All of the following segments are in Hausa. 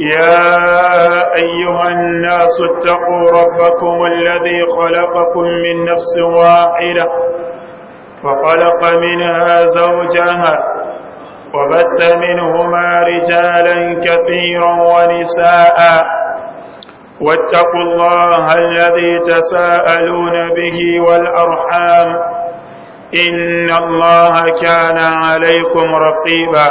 يا أيها الناس اتقوا ربكم الذي خلقكم من نفس واحدة فخلق منها زوجها وبث منهما رجالا كثيرا ونساء واتقوا الله الذي تساءلون به والأرحام إن الله كان عليكم رقيبا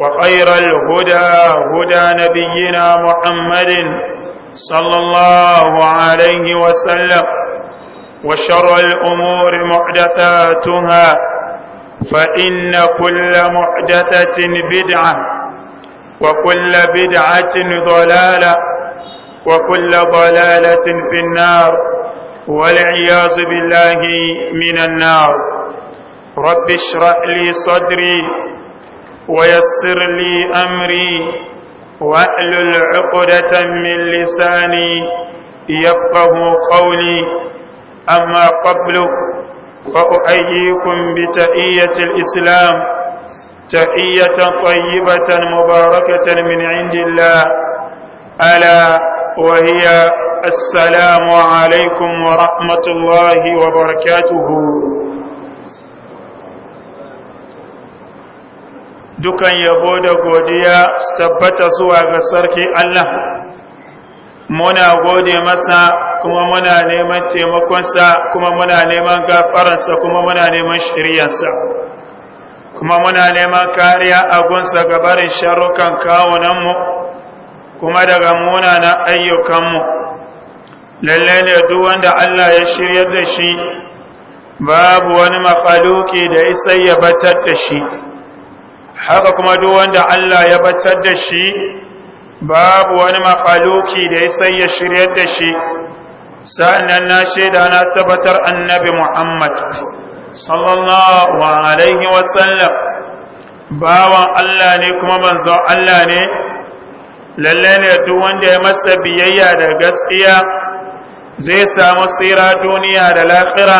وخير الهدى هدى نبينا محمد صلى الله عليه وسلم وشر الأمور محدثاتها فإن كل محدثة بدعة وكل بدعة ضلالة وكل ضلالة في النار والعياذ بالله من النار رب اشرح لي صدري ويسر لي أمري وأل عقدة من لساني يفقه قولي أما قبل فأؤييكم بتأية الإسلام تأية طيبة مباركة من عند الله ألا وهي السلام عليكم ورحمة الله وبركاته dukan yabo da godiya su tabbata zuwa ga sarki Allah muna gode masa kuma muna neman taimakonsa kuma muna neman gafararsa kuma muna neman shiryarsa kuma muna neman kariya a gunsa gabarin sharukan mu, kuma daga munanan ayyukanmu lalle ne duk wanda Allah ya shiryar da shi babu wani mafaluki da isa ya batar da shi haka kuma duk wanda Allah ya batar da shi babu wani makhluki da ya sanya ya shiryar da shi sanan na shaida na tabbatar annabi Muhammad sallallahu alaihi wasallam bawan Allah ne kuma manzon Allah ne lalle ne duk wanda ya masa biyayya da gaskiya zai samu tsira duniya da lafira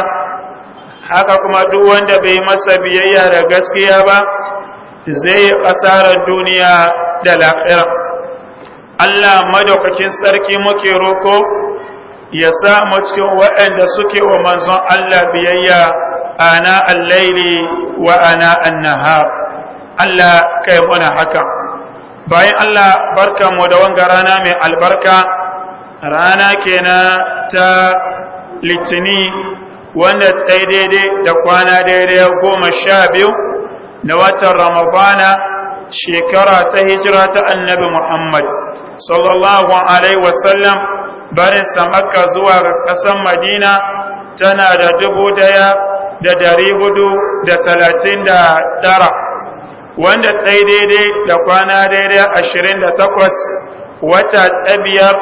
haka kuma duk wanda bai masa biyayya da gaskiya ba zai yi asarar duniya da lafira Allah madaukakin sarki muke roko ya sa mu cikin waɗanda suke wa manzon Allah biyayya ana al-laili wa ana an-nahar Allah kai muna haka bayan Allah barka mu da wanga rana mai albarka rana kenan ta litini wanda tsaye daidai da kwana daidai goma sha biyu na watan ramadana shekara ta hijira ta annabi muhammad sallallahu alaihi wasallam barin makka zuwa ƙasar madina tana da dubu daya da dari hudu da talatin da tara wanda ta yi daidai da kwana daidai ashirin da takwas wata tsabiyar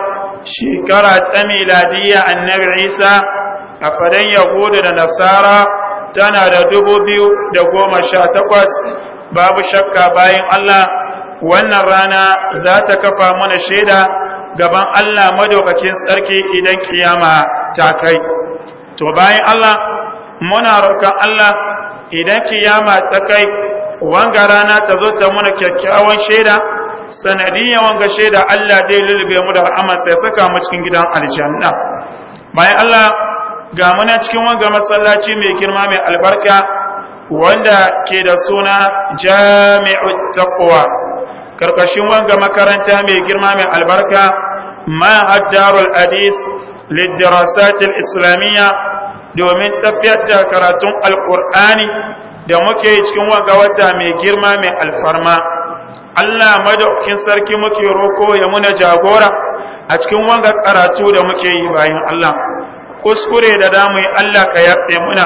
shekara ta miladiyya annabi isa a fadan yahudu da nasara tana da dubu biyu da goma sha takwas babu shakka bayan Allah wannan rana za ta kafa mana shaida gaban Allah madaukakin sarki idan kiyama ta kai to bayan Allah muna roƙon Allah idan kiyama ta kai wanga rana ta zo ta muna kyakkyawan shaida sanadiyan wanga shaida Allah dai lulube mu da rahama sai saka mu cikin gidan aljanna bayan Allah ga muna cikin wanga masallaci mai girma mai albarka wanda ke da suna jami'u taqwa karkashin wanga makaranta mai girma mai albarka ma darul hadis lidarasat islamiyya domin tafiyar da karatun alqur'ani da muke cikin wanga wata mai girma mai alfarma Allah madaukin sarki muke roko ya muna jagora a cikin wanga karatu da muke yi bayan Allah kuskure da damu Allah ka yafe muna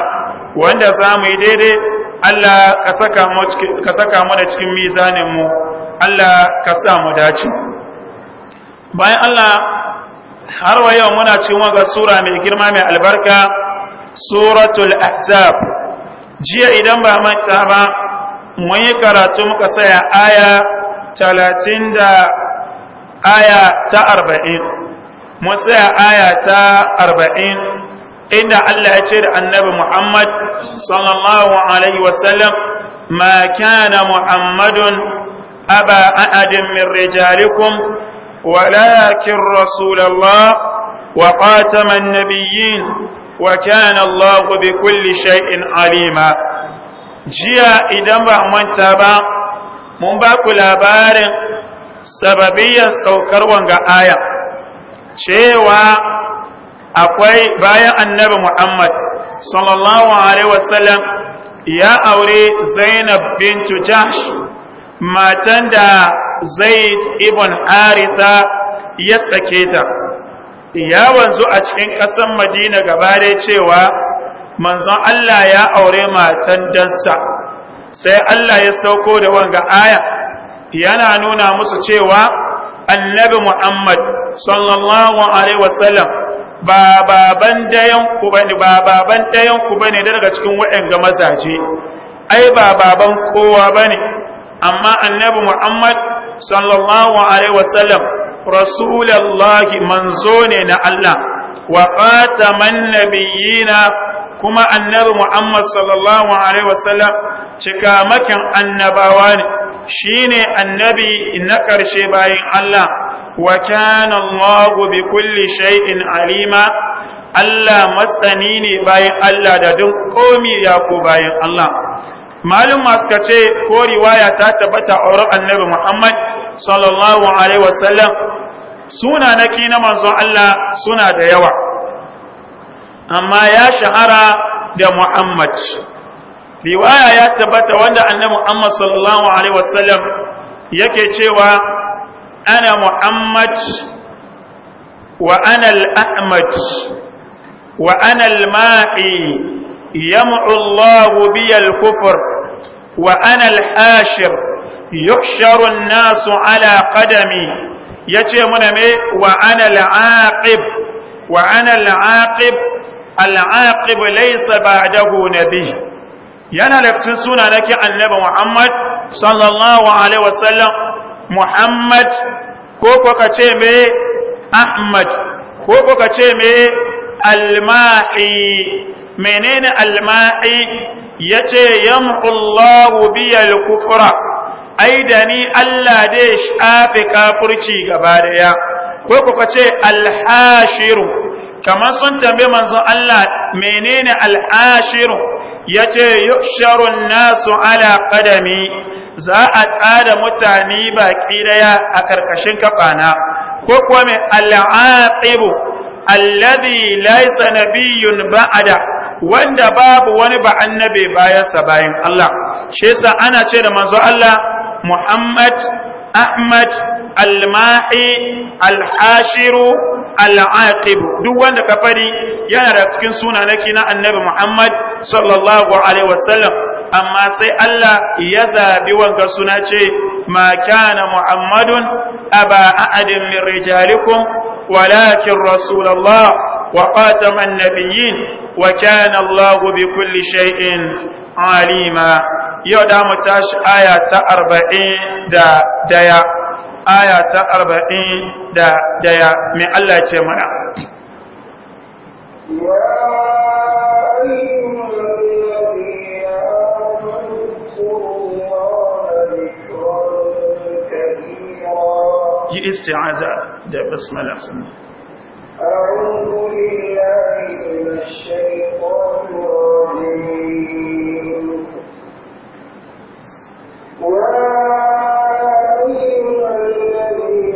wanda za mu yi daidai Allah ka saka mu da cikin mizaninmu, mu Allah ka sa mu dace bayan Allah har wa yau muna cikin wanga sura mai girma mai albarka suratul ahzab jiya idan ba manta ba mun yi karatu muka saya aya talatin da aya ta arba'in Mun saya aya ta arba'in inda Allah ya ce da annabi Muhammad sallallahu alaihi wasallam ma kana Muhammadun aba ahadin min rijalikum walakin rasulullah wa qataman nabiyyin wa kana Allah bi kulli shay'in alima jiya idan ba manta ba mun ba ku labarin sababiyyar saukar wanga aya cewa akwai bayan annabi Muhammad sallallahu alaihi wasallam ya aure Zainab bintu Jahsh matan da Zaid ibn Haritha ya sake ta ya wanzu a cikin ƙasar Madina gaba dai cewa manzon Allah ya aure matan dansa sai Allah ya sauko da wanga aya yana nuna musu cewa annabi Muhammad sallallahu alaihi wasallam ba baban dayan ku bane ba baban dayan ku bane daga cikin waɗanda mazaje ai ba baban kowa bane amma annabi Muhammad sallallahu alaihi wasallam rasulullahi manzo ne na Allah wa qataman nabiyina kuma annabi Muhammad sallallahu alaihi wasallam cikamakin annabawa ne shine annabi na ƙarshe bayan Allah wa kana Allahu bi kulli shay'in alima Allah matsani ne bayan Allah da dun komi ya ko bayan Allah malum suka ce ko riwaya ta tabbata auren annabi Muhammad sallallahu alaihi wasallam suna na na manzon Allah suna da yawa amma ya shahara da Muhammad riwaya ya tabbata wanda annabi Muhammad sallallahu alaihi wasallam yake cewa ana Muhammad wa ana al-Ahmad wa ana al-Ma'i yam'u Allah bi al-kufr wa ana al-hashir yuhsharu an-nasu ala qadami yace muna me wa ana al-aqib wa ana al-aqib al-aqib laysa ba'dahu nabiy yana da cikin sunanakin annaba Muhammad sallallahu alaihi wasallam Muhammad ko kuka ce me Ahmad ko kuka ce me Almahi menene Almahi yace yamullahu biyal kufra ai da ni Allah dai shafe kafurci gaba daya ko kuka ce alhashiru kamar sun tambaye manzon Allah menene alhashiru ya ce yusharun nasu ala ƙadami za a tsada mutane baƙi daya a ƙarƙashin kafana ko kuwa mai al'aqibu alladhi laysa nabiyyun ba'ada wanda babu wani ba annabi bayansa bayan Allah shi yasa ana ce da manzo Allah Muhammad Ahmad Alma'i alhashiru al'aqib duk wanda ka fari yana da cikin sunanaki na annabi Muhammad sallallahu alaihi wasallam amma sai Allah ya zaɓi wanga suna ce ma kana Muhammadun aba ahadin min rijalikum walakin rasulullah wa khataman nabiyyin wa kana Allah bi kulli shay'in alima yau da mu tashi aya ta arba'in da daya aya ta arba'in da daya mai Allah ce mana yi isti'aza da basmala sun أعوذ بالله من الشيطان الرجيم خير الذي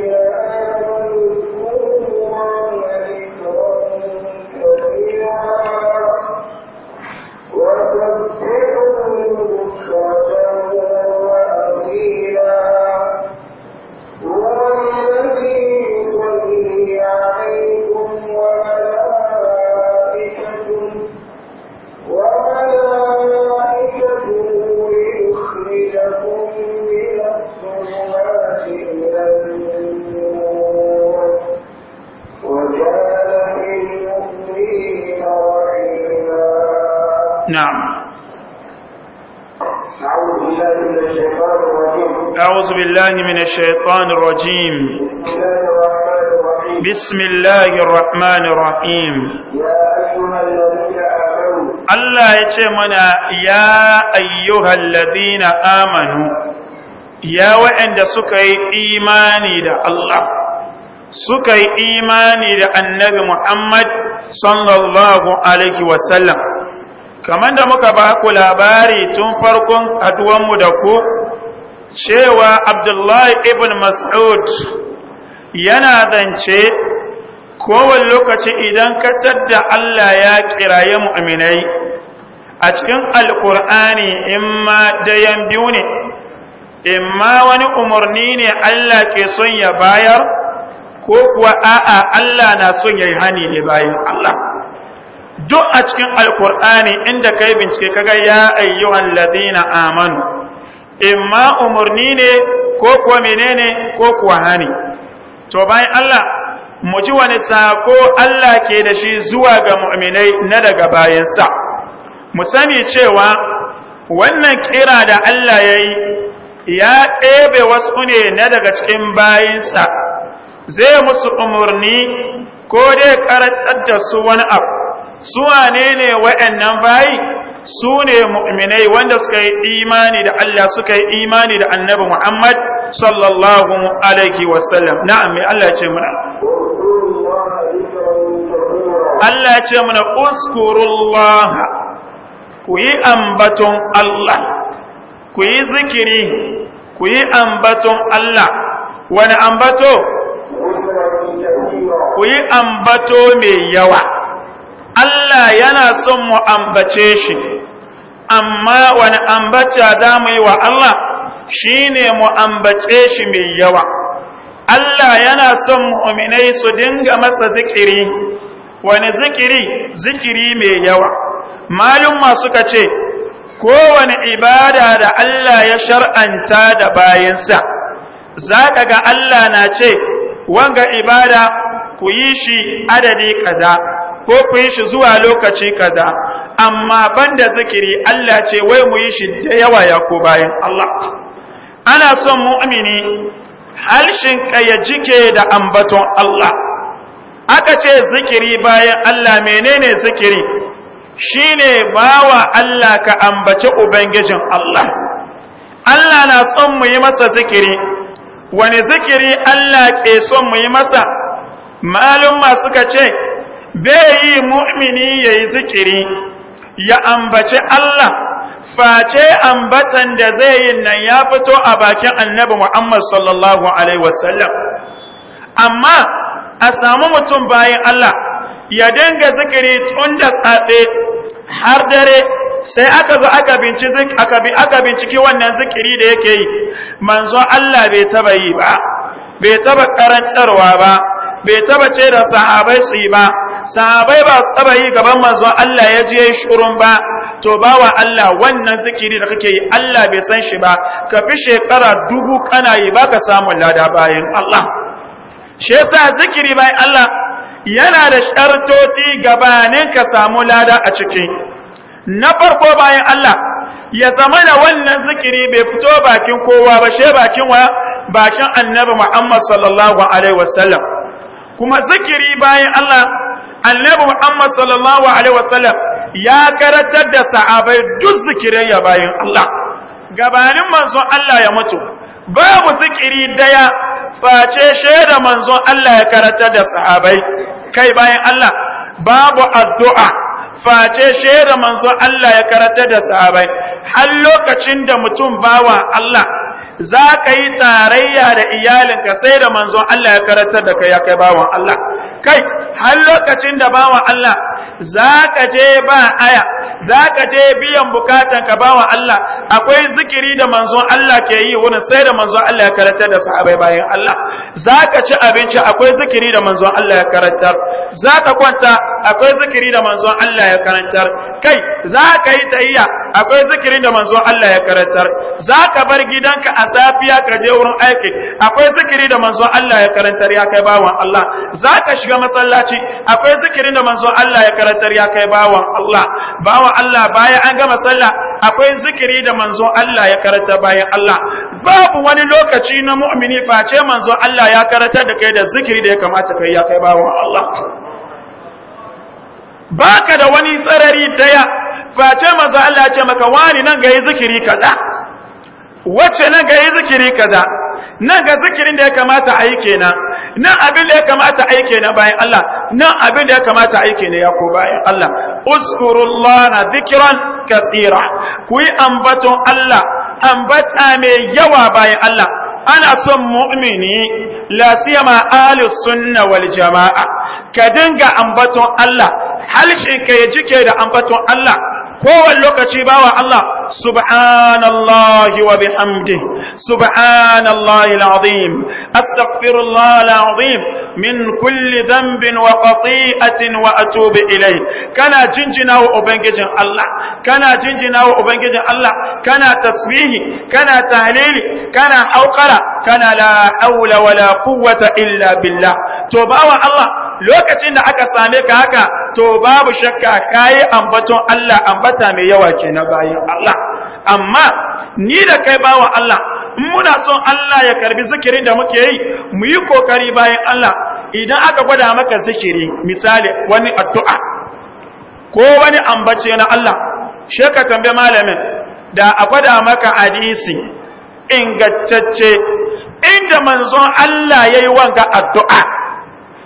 الشيطان الرجيم بسم الله الرحمن الرحيم Allah ya ce mana ya ayyuhan ladina amanu ya waɗanda suka yi imani da Allah suka yi imani da annabi Muhammad sallallahu alaihi kamar da muka ba ku labari tun farkon mu da ku cewa abdullahi ibn mas'ud yana zance kowane lokaci idan ka tadda Allah ya kiraye mu'minai a cikin alkur'ani in ma dayan biyu ne in ma wani umarni ne Allah ke son ya bayar ko kuwa a'a Allah na son ya yi hani ne bayan Allah duk a cikin alkur'ani inda kai bincike kaga ya ayyuhan ladina amanu In ma umarni ne ko kuwa menene ko kuwa hani to bayan Allah mu ji wani sako Allah ke da shi zuwa ga mu'minai na daga bayansa mu sani cewa wannan kira da Allah ya yi ya ɗebe wasu ne na daga cikin bayansa zai musu umarni ko dai karatar da su wani abu su wane ne wa'annan bayi su ne mu'minai wanda suka yi imani da Allah suka yi imani da annabi Muhammad sallallahu alaihi wasallam na'am mai Allah ce muna Allah ce muna uskurullah ku yi ambaton Allah ku yi zikiri ku yi ambaton Allah wani ambato ku yi ambato mai yawa Allah yana son mu ambace shi amma wani ambaca za mu yi wa Allah Shi ne mu ambace shi mai yawa Allah yana son mu'minai su dinga masa zikiri wani zikiri zikiri mai yawa malumma suka ce kowane ibada da Allah ya shar'anta da bayansa za ka ga Allah na ce wanga ibada ku yi shi adadi kaza ko ku yi shi zuwa lokaci kaza amma banda zikiri Allah ce wai mu yi shi da yawa ya ko bayan Allah ana son mu'mini harshen ya jike da ambaton Allah aka ce zikiri bayan Allah menene zikiri shine bawa Allah ka ambace ubangijin Allah Allah na son mu yi masa zikiri wani zikiri Allah ke son mu yi masa ma suka ce bai yi mu'mini ya yi zikiri ya ambace Allah face ambatan da zai yi nan ya fito a bakin annabi Muhammad sallallahu Alaihi wasallam amma a samu mutum bayan Allah ya dinga zikiri tun da tsatse har dare sai aka zo aka binciki wannan zikiri da yake yi manzo Allah bai taba yi ba bai taba karantarwa ba bai taba ce da sahabai su yi ba sahabai ba su taba yi gaban manzon Allah ya je shurun ba to wa Allah wannan zikiri da kake yi Allah bai san shi ba ka fi shekara dubu kana yi ka samu lada bayan Allah shi yasa zikiri bayan Allah yana da shartoti gabanin ka samu lada a ciki na farko bayan Allah ya zama da wannan zikiri bai fito bakin kowa ba she bakin wa bakin annabi Muhammad sallallahu alaihi wasallam kuma zikiri bayan Allah annabi Muhammad sallallahu alaihi wasallam ya karatar da sahabai duk zikirin ya bayin Allah gabanin manzon Allah ya mutu babu zikiri daya face shaida manzon Allah ya karatar da sahabai kai bayan Allah babu addu'a face shaida manzon Allah ya karatar da sahabai har lokacin da mutum bawa Allah za ka yi tarayya da iyalinka sai da manzon Allah ya karanta da kai ya kai bawan Allah kai har lokacin da bawan Allah za ka je ba aya za ka je biyan bukatan ka bawan Allah akwai zikiri da manzon Allah ke yi wurin sai da manzon Allah ya karanta da sahabbai bayan Allah za ka ci abinci akwai zikiri da manzon Allah ya karantar za ka kwanta akwai zikiri da manzon Allah ya karantar kai za ka yi tahiyya akwai zikirin da manzo Allah ya karantar za ka bar gidanka a safiya ka je wurin aiki akwai zikiri da manzo Allah ya karantar ya kai bawan Allah za ka shiga masallaci akwai zikirin da manzo Allah ya karantar ya kai bawan Allah bawan Allah bayan an gama sallah akwai zikiri da manzo Allah ya karanta bayan Allah babu wani lokaci na mu'mini face manzo Allah ya karanta da kai da zikiri da ya kamata kai ya kai bawan Allah baka da wani tsarari daya face maza Allah ya ce maka wani nan ga yi zikiri kaza wacce nan ga yi zikiri kaza nan ga zikirin da ya kamata a yi kenan nan abin da ya kamata a yi kenan bayan Allah nan abin da ya kamata a yi kenan ya ko bayan Allah na zikiran kathira ku yi ambaton Allah ambata mai yawa bayan Allah ana son mu'mini la siyama ahlus sunna wal jamaa ka dinga ambaton Allah ka ya jike da ambaton Allah kowane lokaci bawa Allah subhanallahi wa bihamdihi سبحان الله العظيم أستغفر الله العظيم من كل ذنب وقطيئة وأتوب إليه كان جنجنا وأبنجن الله كان جنجنا وأبنجن الله كان تسبيه كان تهليل كان حوقرة كان لا حول ولا قوة إلا بالله توبة الله lokacin da aka same ka haka to babu shakka kayi ambaton Allah ambata mai yawa kenan bayan Allah amma ni da kai bawa Allah muna son Allah ya karbi zikirin da muke yi mu yi kokari bayan Allah idan aka gwada maka zikiri misali wani addu'a ko wani ambace na Allah sheka tambaye malamin da a gwada maka hadisi ingantacce inda manzon Allah yayi wanga addu'a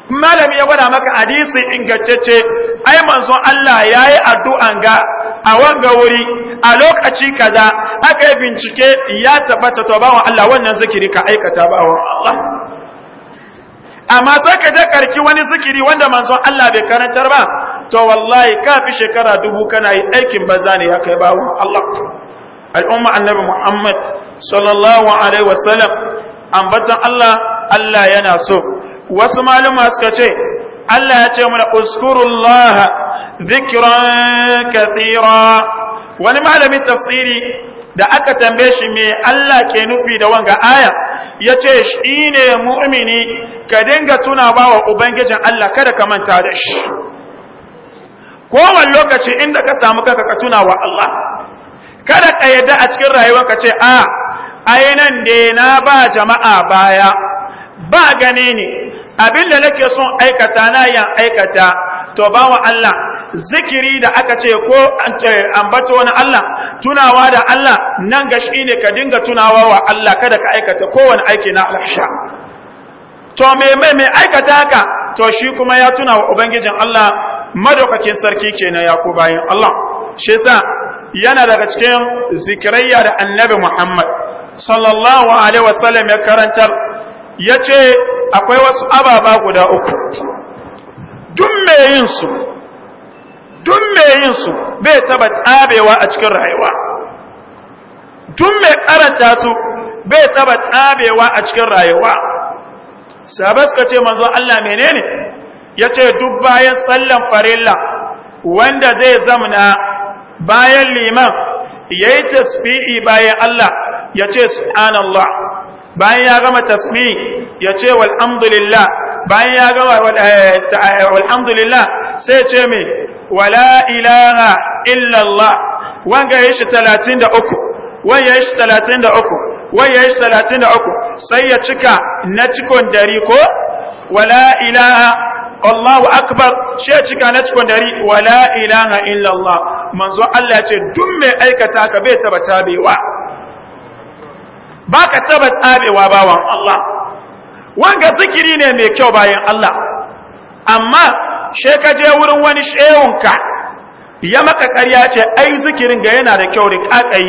malami ya gwada maka hadisi ingantacce ai manzon Allah yayi addu'an ga a wanga wuri a lokaci kaza aka yi bincike ya tabbata to bawo Allah wannan zikiri ka aikata bawo Allah amma sai ka je karki wani zikiri wanda manzon Allah bai karantar ba to wallahi ka fi shekara dubu kana yi aikin banza ne ya kai bawo Allah al'umma annabi Muhammad sallallahu alaihi wasallam ambatan Allah Allah yana so wasu malama suka ce Allah ya ce mana uskurullah zikran kathira wani malamin tafsiri da aka tambaye shi me Allah ke nufi da wanga aya ya ce shi ne mu'mini ka dinga tuna ba wa ubangijin Allah kada ka manta da shi kowane lokaci inda ka samu kanka ka tuna wa Allah kada ka yadda a cikin rayuwar ka ce a ah, ai nan na ba jama'a baya ba gane ne abin da nake son aikata na yan aikata to bawa Allah zikiri da aka ce ko eh, ambato na Allah tunawa da Allah nan ga shi ne ka dinga tunawa wa Allah kada ka aikata kowane aiki na alhasha to me mai mai aikata ka to shi kuma ya tuna wa ubangijin Allah madaukakin sarki kenan ya ku Allah shi yasa yana daga cikin zikirayya da annabi Muhammad sallallahu alaihi wasallam ya karantar yace akwai wasu ababa guda uku duk mai yin su duk mai yin su bai taba tsabewa a cikin rayuwa duk mai karanta su bai taba tsabewa a cikin rayuwa sahabai suka ce manzo Allah menene yace duk bayan sallan farilla wanda zai zamna bayan liman yayi tasbihi bayan Allah yace subhanallah bayan ya gama tasmi ya ce walhamdulillah bayan ya gama eh, eh, walhamdulillah sai ce mai wala ilaha illallah wanga ya shi 33 wanga ya shi 33 wanga ya shi 33 sai ya cika na cikon dari ko wala ilaha Allahu akbar shi cika na cikon dari wala ilaha illallah manzo Allah ya ce duk mai aikata ka bai taba tabewa ba ka taba tsabewa bawan Allah wanga zikiri ne mai kyau bayan Allah amma she ka je wurin wani shehunka ya maka ƙarya ce ai zikirin ga yana da kyau rika kai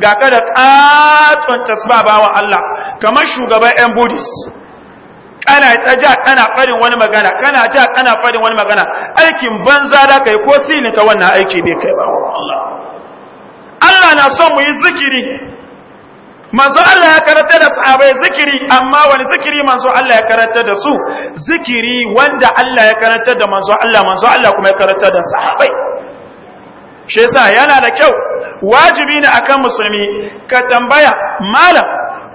ga kada da katon tasba bawan Allah kamar shugaban yan buddhist kana ta ja kana farin wani magana kana ja kana farin wani magana aikin banza da kai ko silinka wannan aiki bai kai bawan Allah Allah na son mu yi zikiri manzo Allah ya karanta da sahabbai zikiri amma wani zikiri manzo Allah ya karanta da su zikiri wanda Allah ya karanta da manzo Allah manzo Allah kuma ya karanta da sahabbai shi yasa yana da kyau wajibi ne akan musulmi ka tambaya malam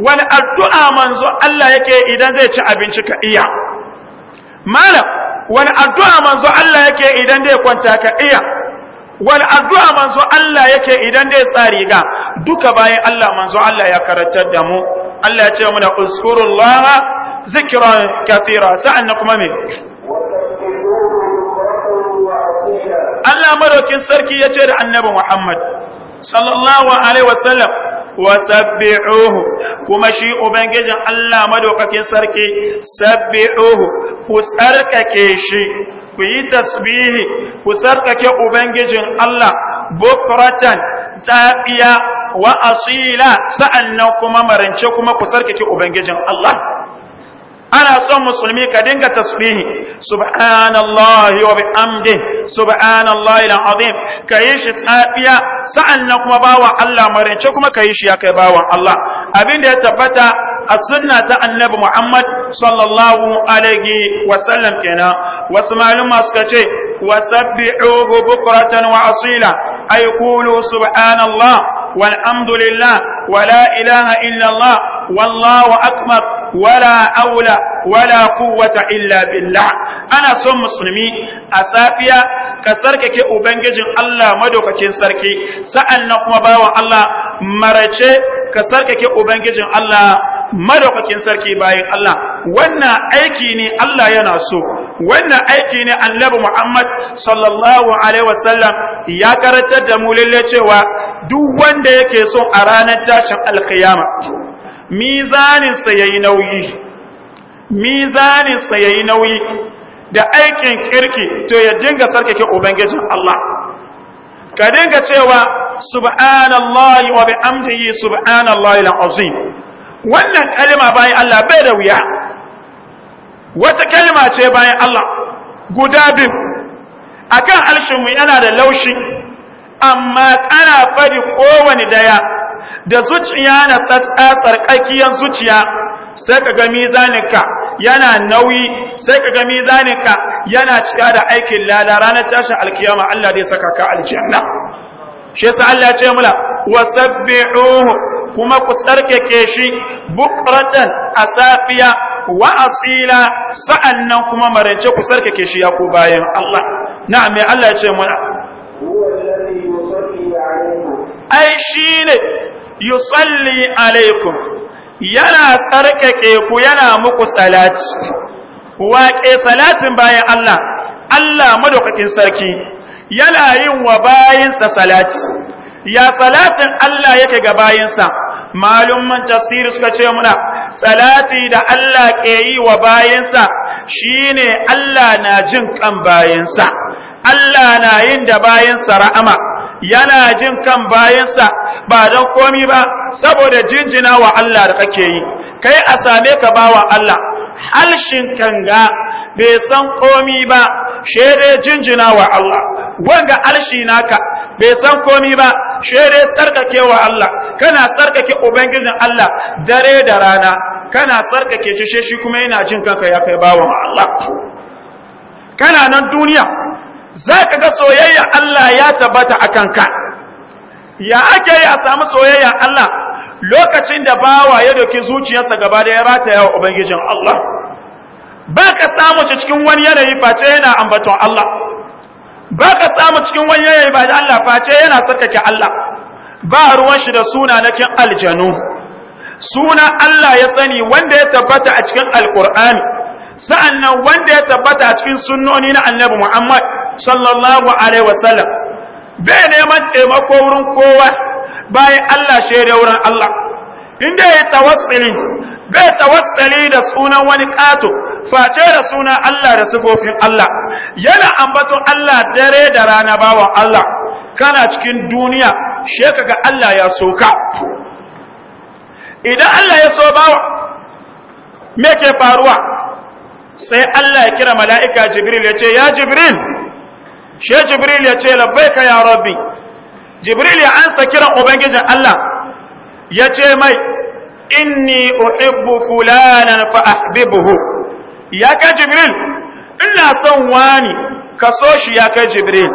wani addu'a manzo Allah yake idan zai ci abinci ka iya malam wani addu'a manzo Allah yake idan zai kwanta ka iya wani addu'a manzo Allah yake idan dai tsari ga duka bayan Allah manzo Allah ya karantar da mu Allah ya ce mu da uskurullah zikiran kafira, sa'an na kuma me Allah madaukin sarki ya ce da annabi Muhammad sallallahu alaihi wasallam wasabbi'uhu kuma shi ubangijin Allah madaukakin sarki sabbi'uhu ku tsarkake shi ku yi tasbihi ku sarkake ubangijin Allah bukratan tafiya wa asila sa'annan kuma marance kuma ku sarkake ubangijin Allah ana son musulmi ka dinga tasbihi Subhanallah wa bihamdihi subhanallahi alazim kayi shi tsafiya sa'annan kuma bawa Allah marance kuma kayi shi ya kai bawan Allah abinda ya tabbata a sunna ta annabi Muhammad sallallahu alaihi wasallam kenan wasu maluma suka ce wasabbi'uhu bukratan wa asila ay qulu subhanallah walhamdulillah wala ilaha illa Allah wallahu akbar wala aula wala quwwata illa billah ana son musulmi a safiya ka sarkake ubangijin Allah madaukakin sarki sa'an na kuma bawa Allah marace ka sarkake ubangijin Allah madaukakin sarki bayan Allah wannan aiki ne Allah yana so wannan aiki ne annabi Muhammad sallallahu alaihi wasallam ya karantar da mu lalle cewa duk wanda yake son a ranar tashin alkiyama mizanin sa yayi nauyi mizanin sa yayi nauyi da aikin kirki to ya dinga sarkake ubangijin Allah ka dinga cewa subhanallahi wa bihamdihi subhanallahi al-azim wannan kalima bayan Allah bai da wuya wata kalima ce bayan Allah guda biyu akan alshinmu yana da laushi amma kana fadi kowane daya da zuciya na tsatsatsar kakiyar zuciya sai ka ga mizaninka yana nauyi sai ka ga mizaninka yana cika da aikin lada ranar tashin alkiyama Allah zai saka ka aljanna shi yasa Allah ya ce mula wasabbihu kuma ku tsarkake shi bukratan a safiya wa asila sa'annan kuma marance ku tsarkake shi ya ku bayan Allah na'am mai Allah ya ce mana ai shi ne yusalli alaikum yana tsarkake ku yana muku salati waƙe salatin bayan Allah Allah madaukakin sarki yana yin wa bayinsa salati ya salatin Allah yake ga bayinsa man tafsiri suka ce muna salati da Allah ke yi wa bayansa shine Allah na jin kan bayansa Allah na yin da bayansa ra'ama yana jin kan bayansa ba don komi ba saboda jinjina wa Allah da kake yi kai a same ka bawa Allah halshin kanga bai san komi ba shede jinjina wa Allah wanga alshi naka bai san komi ba shere sarkakewa Allah kana sarkake ubangijin Allah dare da rana kana sarkake shi shi kuma yana jin kanka ya kai bawan Allah kana nan duniya Za ka ga soyayya Allah ya tabbata akan ka ya ake a samu soyayya Allah lokacin da bawa ya doki zuciyarsa gaba da ya rata wa ubangijin Allah ba ka samu shi cikin wani yanayi face yana ambaton Allah ba ka samu cikin wani yayi ba da Allah face yana sarkake Allah ba ruwan shi da suna na kin aljanu suna Allah ya sani wanda ya tabbata a cikin alkur'ani sa'annan wanda ya tabbata a cikin sunnoni na annabi Muhammad sallallahu alaihi wasallam bai neman taimako wurin kowa bayan Allah shaida wurin Allah inda ya tawassuli bai tawassuli da sunan wani kato face da suna Allah da sifofin Allah yana ambaton Allah dare da rana bawan Allah kana cikin duniya sheka ga Allah ya soka idan Allah ya so bawa me ke faruwa sai Allah ya kira mala'ika Jibril ya ce ya Jibril she Jibril ya ce labbaika ya rabbi Jibril ya ansa kiran ubangijin Allah ya ce mai inni uhibbu fulanan fa ahbibuhu ya kai jibril ina son wani ka so shi ya kai jibril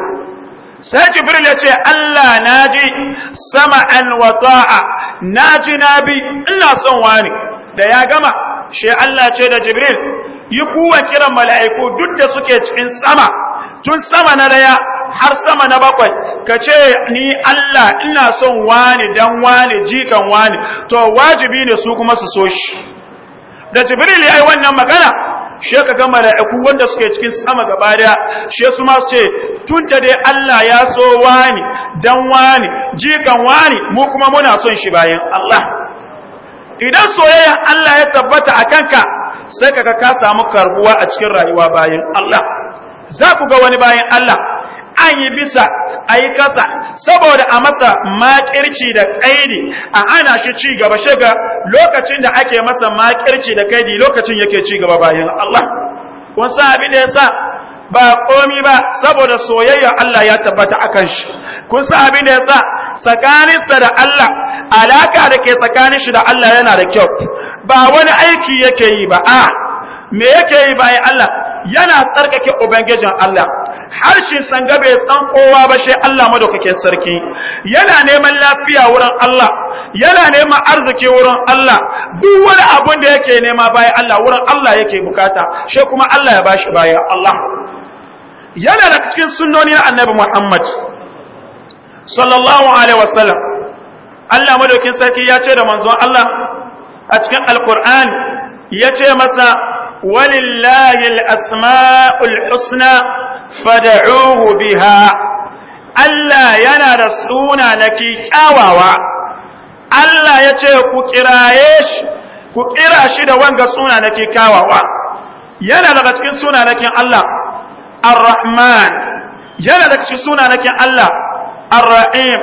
sai jibril ya ce allah na ji sama'an wata'a na ji na bi ina son wani da ya gama shi allah ce da jibril yi kuwa kiran mala'iku duk da suke cikin sama tun sama na daya har sama na bakwai ka ce ni Allah ina son wani dan wani jikan wani to wajibi ne su kuma su so shi da jibril ya yi wannan magana shi ka ga mala'iku wanda suke cikin sama gaba daya shi su ma su ce tun da dai Allah ya so wani dan wani jikan wani mu kuma muna son shi bayan Allah idan soyayyar Allah ya tabbata a kanka sai ka ka samu karbuwa a cikin rayuwa bayan Allah za ku ga wani bayan Allah an yi bisa a yi kasa saboda a masa makirci da kaidi a ana shi ci gaba shiga lokacin da ake masa makirci da kaidi lokacin yake ci gaba bayan Allah kun sa abin da ya ba komi ba saboda soyayya Allah ya tabbata akan shi kun sa abin da ya sa tsakaninsa da Allah alaka da ke tsakanin shi da Allah yana da kyau ba wani aiki yake yi ba a me yake yi bayan Allah yana tsarkake ubangijin Allah harshen sanga bai san kowa ba shi Allah madaukakin sarki yana neman lafiya wurin Allah yana neman arziki wurin Allah duk wani abin da yake nema bayan Allah wurin Allah yake bukata shi kuma Allah ya bashi bayan Allah yana da cikin sunnoni na annabi Muhammad sallallahu alaihi wasallam Allah madaukakin sarki ya ce da manzon Allah a cikin alkur'ani ya ce masa walillahi al-asma'ul husna fad'uhu biha Allah yana da suna na kyawawa Allah ya ce ku kiraye shi ku kira shi da wanga suna na kyawawa yana daga cikin suna na kin Allah ar-rahman yana daga cikin suna na kin Allah ar raim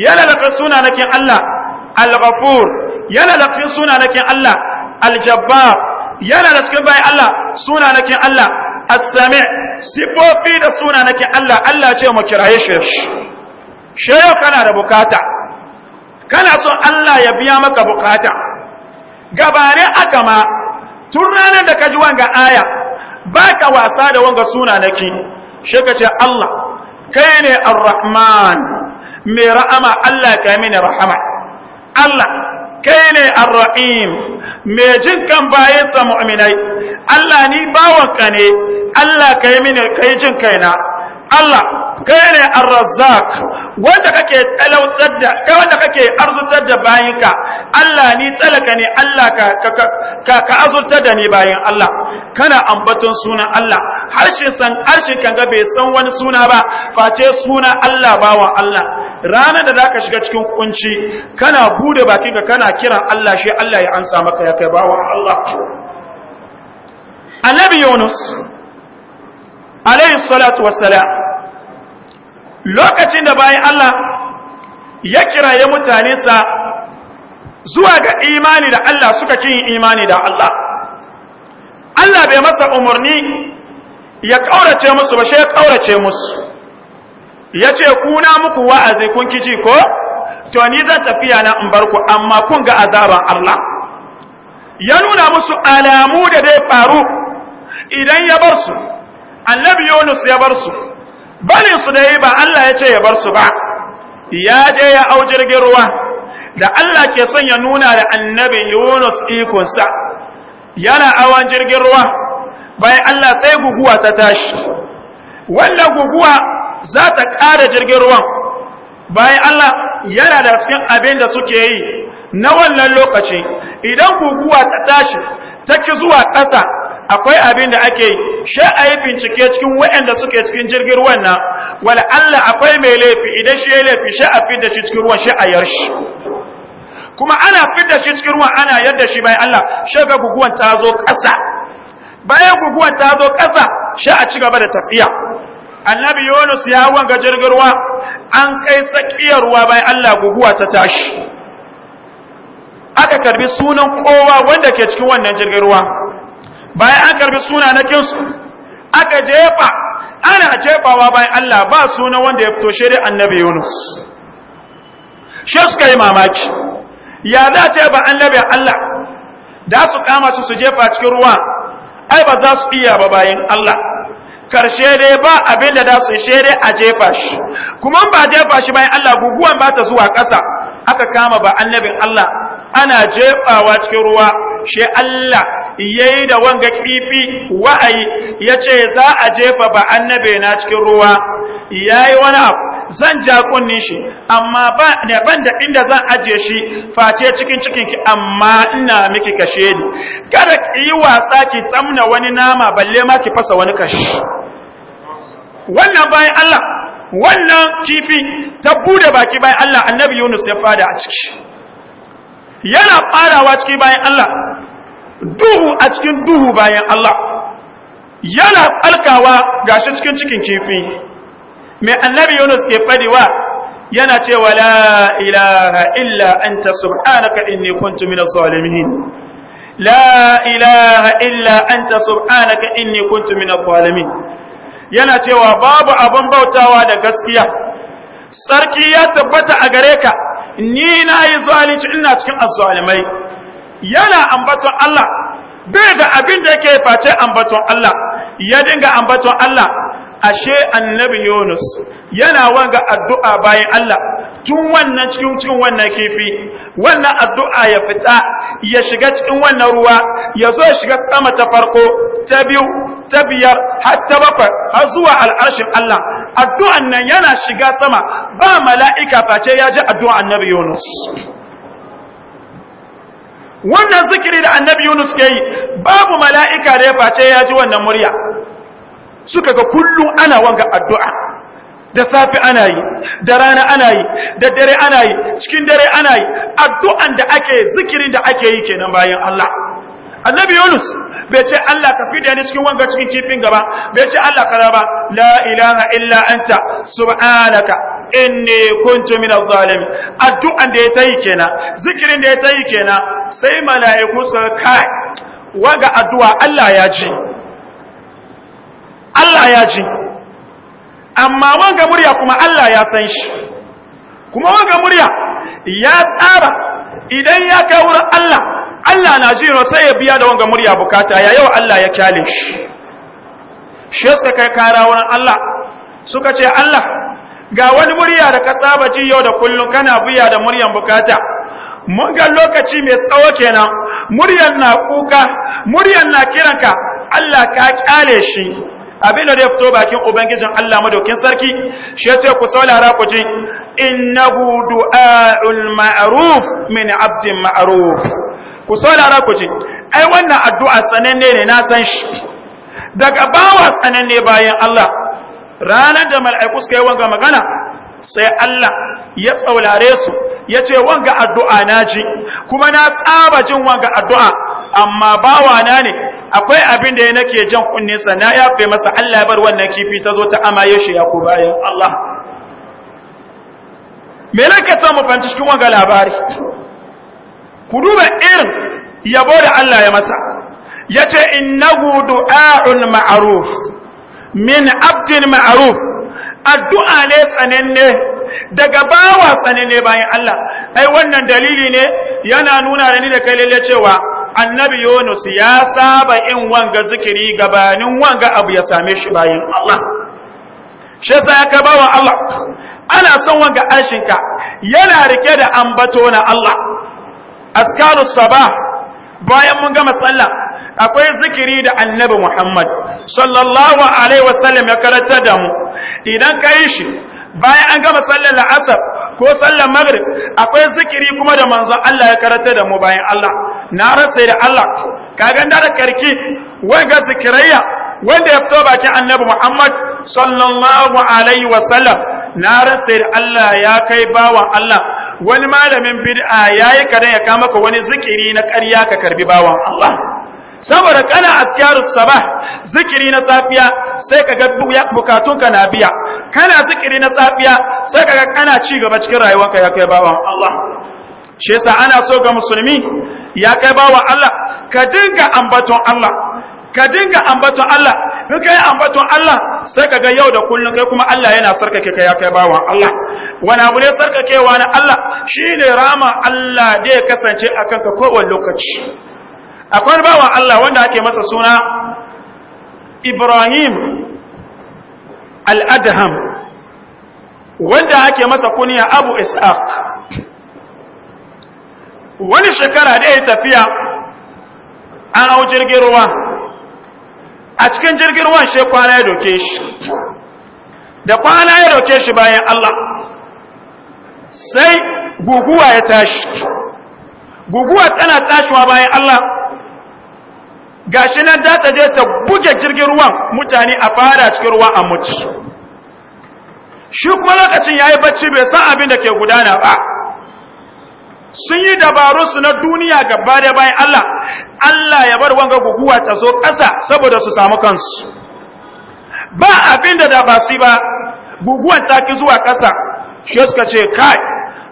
yana daga suna na kin Allah al-ghafur yana daga cikin suna na kin Allah al-jabbar yana da cikin bayan Allah suna kin Allah Asame sami sifofi da suna Allah Allah ce mu kiraye shi shi kana da bukata kana son Allah ya biya maka bukata gabare aka ma tun ranar da ka ji wanga aya baka wasa da wanga suna naki shi ka ce Allah kai ne ar-rahman mai ra'ama? Allah ka mini rahama Allah kai ne ar mai jin kan bayansa mu'minai Allah ni bawanka ne Allah kai mini kai jin kaina Allah kai ne arrazak wanda kake talautar da kai wanda kake arzutar da bayinka Allah ni talaka ne Allah ka ka ka da ni bayin Allah kana ambaton sunan Allah harshen san harshen kan ga bai san wani suna ba face suna Allah bawa Allah ranar da zaka shiga cikin kunci kana bude baki ka kana kiran Allah shi Allah ya ansa maka ya kai bawa Allah annabi Yunus alaihi salatu wassalam lokacin da bayan Allah ya kiraye mutanensa zuwa ga imani da Allah suka kin imani da Allah Allah bai masa umarni ya kaurace musu ba shi ya kaurace musu ya ce na muku wa'azi kun kiji ko to ni zan tafiya na in bar ku amma kun ga azaban Allah ya nuna musu alamu da dai faru idan ya bar su annabi yunus ya bar su barin su da yi ba allah ya ce ya bar su ba ya je ya au jirgin ruwa da allah ke son ya nuna da annabi yunus ikonsa yana awon jirgin ruwa bayan allah sai guguwa ta tashi wannan guguwa za ta ƙara jirgin ruwan bayan allah yana da cikin abin da suke yi na wannan lokaci idan guguwa ta tashi ta ki zuwa ƙasa akwai abin da ake sha bincike cikin waɗanda suke cikin jirgin ruwan na wala Allah akwai mai laifi idan shi ya laifi sha a shi cikin ruwan sha kuma ana fidda shi cikin ruwan ana yadda shi bayan Allah shaga guguwan ta zo ƙasa bayan guguwan ta zo ƙasa sha a ci gaba da tafiya annabi yunus ya wanga jirgin ruwa an kai tsakiyar ruwa bayan Allah guguwa ta tashi aka karbi sunan kowa wanda ke cikin wannan jirgin ruwa bayan an karbi suna na kinsu aka jefa ana jefawa bayan Allah ba suna wanda ya fito shi annabi Yunus shi suka yi mamaki ya za ce ba annabi Allah da su kama su su jefa cikin ruwa ai ba za su iya ba bayan Allah karshe dai ba abin da su shi a jefa shi kuma ba jefa shi bayan Allah guguwan ba ta zuwa ƙasa aka kama ba annabin Allah ana jefawa cikin ruwa shi Allah yayi da wanga kifi wa'ayi yace za a jefa ba annabe na cikin ruwa yayi wani abu zan ja kunnin shi amma ba ne ban da inda zan aje shi face cikin cikin ki amma ina miki kashe ni kada ki yi wasa ki tsamna wani nama balle ma ki fasa wani kashi wannan bayan Allah wannan kifi ta bude baki bayan Allah annabi Yunus ya fada a ciki yana farawa ciki bayan Allah duhu a cikin duhu bayan Allah yana tsalkawa gashi cikin cikin kifi mai annabi Yunus ke fadiwa yana cewa la ilaha illa anta subhanaka inni kuntu minaz zalimin la ilaha illa anta subhanaka inni kuntu minaz zalimin yana cewa babu abin bautawa da gaskiya sarki ya tabbata a gare ka ni na yi zalunci ina cikin azzalimai yana ambaton Allah bai da abin da yake face ambaton Allah ya dinga ambaton Allah ashe annabi Yunus yana wanga addu'a bayan Allah tun wannan cikin cikin wannan kifi wannan addu'a ya fita ya shiga cikin wannan ruwa ya zo ya shiga sama ta farko ta biyu ta biyar har ta bakwai har zuwa al'arshin Allah addu'an nan yana shiga sama ba mala'ika face ya ji addu'a annabi Yunus wannan zikiri da annabi yunus ke yi babu mala'ika da ya face ya ji wannan murya suka ga kullum ana wanga addu'a da safi ana yi da rana ana yi da dare ana yi cikin dare ana yi addu'an da ake zikirin da ake yi kenan bayan Allah annabi yunus bai ce Allah ka fida ni cikin wanga cikin kifin gaba bai ce Allah ka ba la ilaha illa anta subhanaka inni kuntu min adh-dhalimin addu'an da ya tayi kenan zikirin da ya tayi kenan sai mala'iku su kai waga addu'a Allah ya ji Allah ya ji amma wanga murya kuma Allah ya san shi kuma wanga murya ya tsara idan ya kai wurin Allah Allah na jiro sai ya biya da wanga murya bukata ya yau Allah ya kyale shi shi suka kai kara wurin Allah suka ce Allah ga wani murya da ka saba ji yau da kullum kana biya da muryan bukata mun ga lokaci mai tsawo kenan muryan na kuka muryan na kiranka Allah ka kyale shi abin da ya fito bakin ubangijin Allah madaukin sarki shi ya ce ku saurara ku ji innahu du'a'ul ma'ruf min abdin ma'ruf ku saurara ku ji ai wannan addu'a sananne ne na san shi daga bawa sananne bayan Allah ranar da mala'iku suka yi wanga magana sai Allah ya saurare su ya ce wanga addu'a na ji kuma na tsaba jin wanga addu'a amma bawa na ne akwai abin da ya nake jan kunne sa na yafe masa Allah ya bar wannan kifi ta zo ta amaye shi ya ku bayan Allah me nake ta mu fanci cikin wanga labari ku duba irin yabo da Allah ya masa ya ce innahu du'a'un ma'aruf min abdin ma'aruf addu'a ne tsananne daga bawa tsananne bayan Allah ai wannan dalili ne yana nuna da ni da kai lalle cewa annabi Yunus ya saba in wanga zikiri gabanin wanga abu ya same shi bayan Allah shi yasa ya bawa Allah ana son wanga arshinka yana rike da ambato na Allah askarus sabah bayan mun gama sallah akwai zikiri da annabi Muhammad sallallahu alaihi wasallam ya karanta da mu idan ka yi shi bayan an gama sallar la'asar ko sallar maghrib akwai zikiri kuma da manzon Allah ya karanta da mu bayan Allah na rasa da Allah kaga da karki ga zikirayya wanda ya fito bakin annabi Muhammad sallallahu alaihi wasallam na rasa da Allah ya kai bawan Allah wani malamin bid'a yayi kadan ya kama ka wani zikiri na ƙarya ka karbi bawan Allah saboda kana azkarus sabah zikiri na safiya sai kaga bukatun ka na biya kana zikiri na safiya sai kaga kana ci gaba cikin rayuwarka ya kai bawan Allah shi yasa ana so ga musulmi ya kai bawan Allah ka dinga ambaton Allah ka dinga ambaton Allah in kai ambaton Allah sai ka ga yau da kullun kai kuma Allah yana sarkake ka ya kai bawan Allah wani abu ne sarkakewa na Allah shine rama Allah da ya kasance akan ka kowane lokaci akwai bawan Allah wanda ake masa suna Ibrahim al-Adham wanda ake masa kunya Abu Ishaq wani shekara da ya tafiya an hau jirgin ruwa a cikin jirgin ruwan she kwana ya doke shi da kwana ya doke shi bayan Allah sai guguwa ya tashi guguwa tana tashiwa bayan Allah gashi nan ta je ta buge jirgin ruwan mutane a fara cikin ruwa a mutu shi kuma lokacin yayi bacci bai san abin da ke gudana ba sun yi dabaru su na duniya gaba da bayan Allah Allah ya bar wanga guguwa ta zo ƙasa saboda su samu kansu ba abin da ba su ba guguwar ta ki zuwa ƙasa shi suka ce kai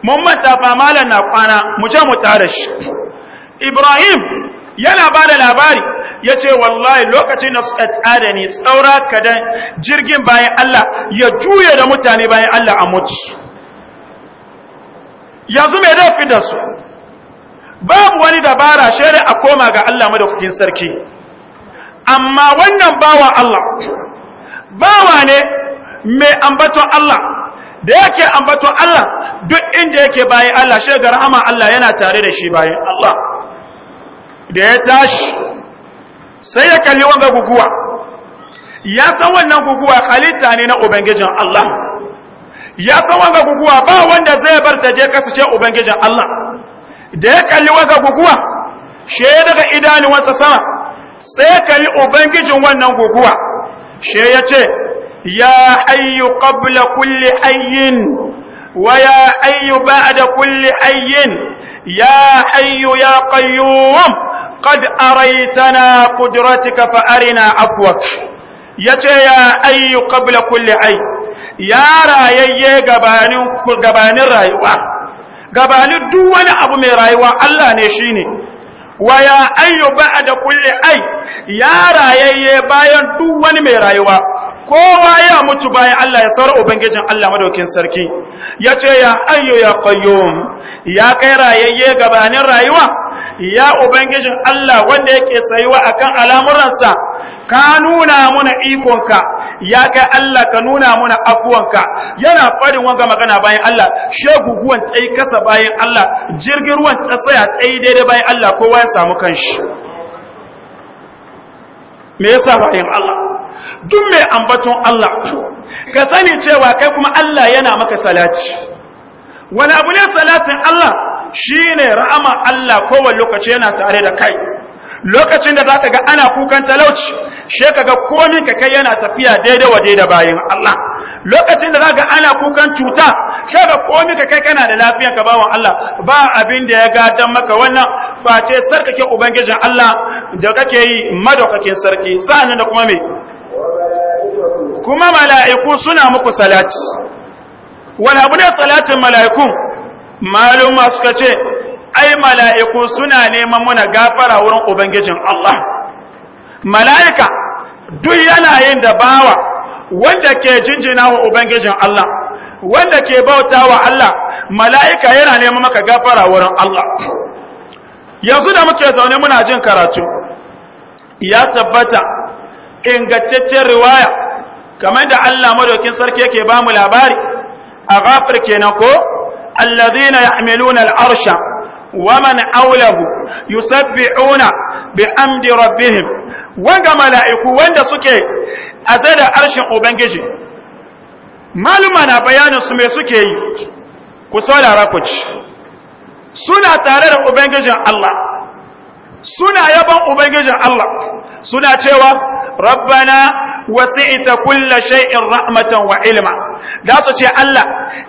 mun manta fa na kwana mu je mu tare shi Ibrahim yana ba da labari ya ce wallahi lokacin da suka tsada ni tsaura kadan jirgin bayan Allah ya juya da mutane bayan Allah a mutu yanzu mai dafi da su babu wani dabara shari'a a koma ga Allah madaukakin sarki amma wannan bawa Allah bawa ne mai ambaton Allah da yake ambaton Allah duk inda yake bayan Allah shi ama Allah yana tare da shi bayan Allah da ya tashi sai ya kalli wanga guguwa ya san wannan guguwa halitta ne na ubangijin Allah ya san wanga guguwa ba wanda zai bar ta je kasance ubangijin Allah da ya kalli wata guguwa she daga idanuwansa sama sai kalli ubangijin wannan guguwa she ya ce ya ayyu qabla kulli ayyin wa ya a ba'da kulli ayyin ya ayyu ya qayyum qad araytana qudratika fa arina afwak yace ya ayyu qabla kulli ayy ya rayayye gabanin gabanin rayuwa Gabani duk wani abu mai rayuwa Allah ne shi ne Wa ya ayyu ba'da kulli ay ya rayayye bayan duk wani mai rayuwa kowa ya mutu bayan Allah ya saura ubangijin Allah madaukin sarki yace ya ayyu ya qayyum ya kai rayayye gabanin rayuwa ya ubangijin Allah wanda yake sayuwa akan al'amuransa ka nuna muna ikonka ya kai Allah ka nuna muna afuwanka yana farin wanga magana bayan Allah shegu guguwan tsayi kasa bayan Allah jirgin ruwan tsaya tsayi daidai bayan Allah kowa ya samu kanshi me yasa bayan Allah duk mai ambaton Allah ka sani cewa kai kuma Allah yana maka salati wani abu ne salatin Allah shine ra'ama Allah kowane lokaci yana tare da kai lokacin da za ka ga ana kukan talauci she ka ga komin ka kai yana tafiya daidai wa daidai bayan Allah lokacin da za ka ana kukan cuta she ka komin ka kai kana da lafiyan ka bawan Allah ba abin da ya gadan maka wannan face sarkake ubangijin Allah da kake yi madaukakin sarki sa'an da kuma me kuma mala'iku suna muku salati Wala salatin mala'ikun malum masu kace ai mala'iku suna neman muna gafara wurin ubangijin Allah mala'ika duk yana yin da bawa wanda ke jinjina wa ubangijin Allah wanda ke bauta wa Allah mala'ika yana neman maka gafara wurin Allah yanzu da muke zaune muna jin karatu ya tabbata ingantaccen riwaya kamar da Allah madaukin sarki yake ba mu labari a gafir kenan ko alladhina ya'maluna al-arsha Waman ومن حوله bi amdi ربهم wanga mala'iku wanda suke a tsaye da arshin ubangiji maluma na bayanin su mai suke yi ku saurara suna tare da ubangijin Allah suna yaban ubangijin Allah suna cewa rabbana wasi'ita kulla shay'in rahmatan wa ilma da su ce Allah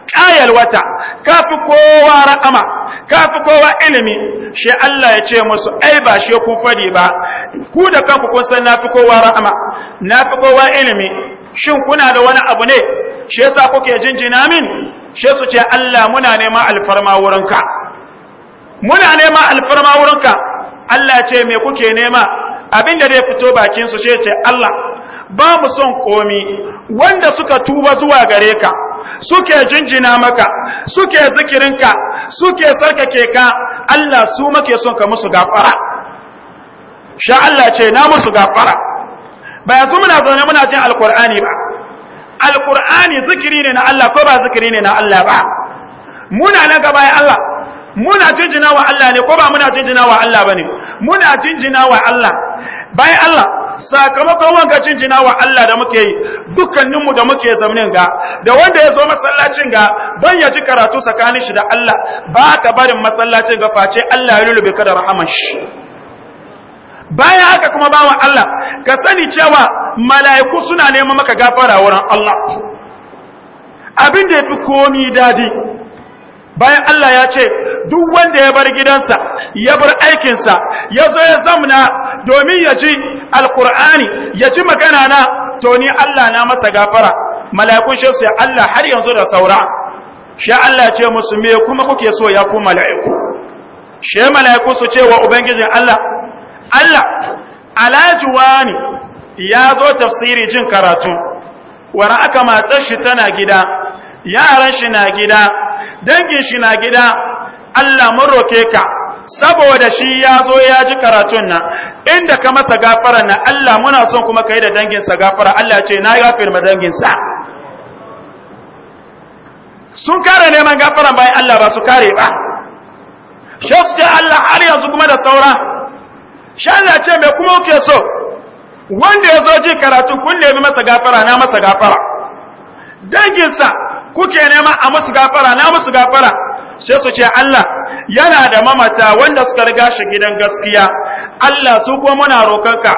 ƙayal wata kafi kowa ra'ama kafi kowa ilimi shi Allah ya ce musu ai ba shi kun fadi ba ku da kanku kun san nafi kowa ra'ama fi kowa ilimi shin kuna da wani abu ne shi yasa kuke jinjina min shi su ce Allah muna nema alfarma wurinka muna nema alfarma wurinka Allah ce me kuke nema Abin da zai fito bakin su ce ce Allah ba mu son komi wanda suka tuba zuwa gare ka suke jinjina maka suke zikirinka suke sarkake ka Allah su muke son ka musu gafara sha Allah ce na musu gafara ba yanzu muna zaune muna jin alkur'ani ba alkur'ani zikiri ne na Allah ko ba zikiri ne na Allah ba muna na gaba ya Allah muna jinjina wa Allah ne ko ba muna jinjina wa Allah bane muna jinjina wa Allah bayan Allah sakamakon wanka jinjina wa Allah da muke yi dukkaninmu da muke zamanin ga da wanda ya zo masallacin ga don ya ji karatu tsakanin shi da Allah ba ka barin masallacin ga face Allah ya lullube ka da rahaman shi bayan haka kuma wa Allah ka sani cewa mala'iku suna neman maka gafara wurin Allah abin da ya fi komi daji bayan Allah ya ce duk wanda ya bar gidansa ya bar aikinsa ya zo ya zamna domin ya ji alkur'ani ya ji magana na to ni Allah na masa gafara mala'ikun shi sai Allah har yanzu da saura sha Allah ce musu me kuma kuke so ya ku mala'iku shi mala'iku su ce wa ubangijin Allah Allah alajuwani ya zo tafsiri jin karatu wara aka matsar shi tana gida yaran shi na gida dangin shi na gida Allah mun roke ka saboda shi ya zo ya ji karatun nan inda ka masa gafara na Allah muna son kuma ka yi da danginsa gafara Allah ce na gafir ma danginsa sun kare neman gafaran bayan Allah ba su kare ba shi ce Allah har yanzu kuma da saura shi Allah ce mai kuma kuke so wanda ya zo ji karatun kun nemi masa gafara na masa gafara danginsa kuke nema a musu gafara na musu gafara sai su ce Allah yana da mamata wanda suka riga shi gidan gaskiya Allah su kuma muna roƙonka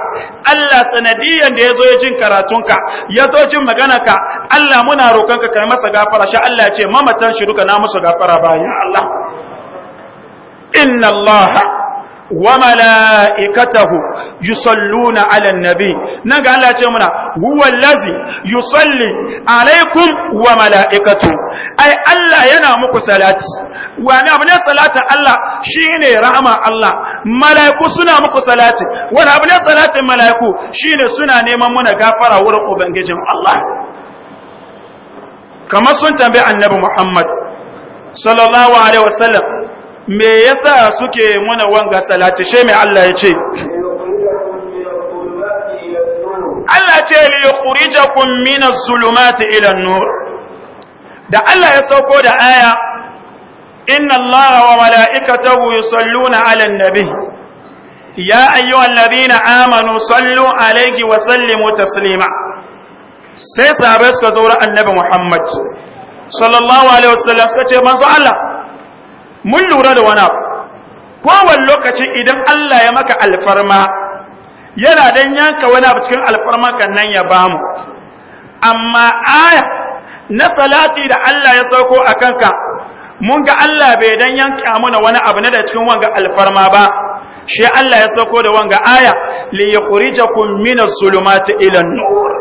Allah sanadiyan da yazo ya jin karatunka yazo jin ka. Allah muna roƙonka kai masa gafara sha Allah ya ce mamatan shi duka na masa gafara bayan Allah inna Allah Wa mala'ikatahu, وملائكته يصلون nabi Nan ga Allah ce muna huwa allazi yusalli alaikum wa malaikatu ai Allah yana muku salati wani abu ne salatin Allah shine rahama Allah malaiku suna muku salati wani abu ne salatin malaiku shine suna neman muna gafara wurin ubangijin Allah kamar sun tambayi annabi Muhammad sallallahu alaihi wasallam me yasa suke muna wanga salati she mai Allah ya ce Allah ce li yukhrijakum min az-zulumati ila an-nur da Allah ya sauko da aya inna Allaha wa mala'ikatahu yusalluna 'ala an-nabi ya ayyuhalladhina amanu sallu 'alayhi wa sallimu taslima sai sahabbai suka zaura annabi Muhammad sallallahu alaihi wasallam suka ce manzo Allah mun lura da wani abu lokaci idan Allah ya maka alfarma yana dan yanka wani abu cikin alfarma kan nan ya bamu amma aya na salati da Allah ya sauko a kanka mun ga Allah bai dan yanka mana wani abu na da cikin wanga alfarma ba shi Allah ya sauko da wanga aya li yukhrijakum min zulumati ila nur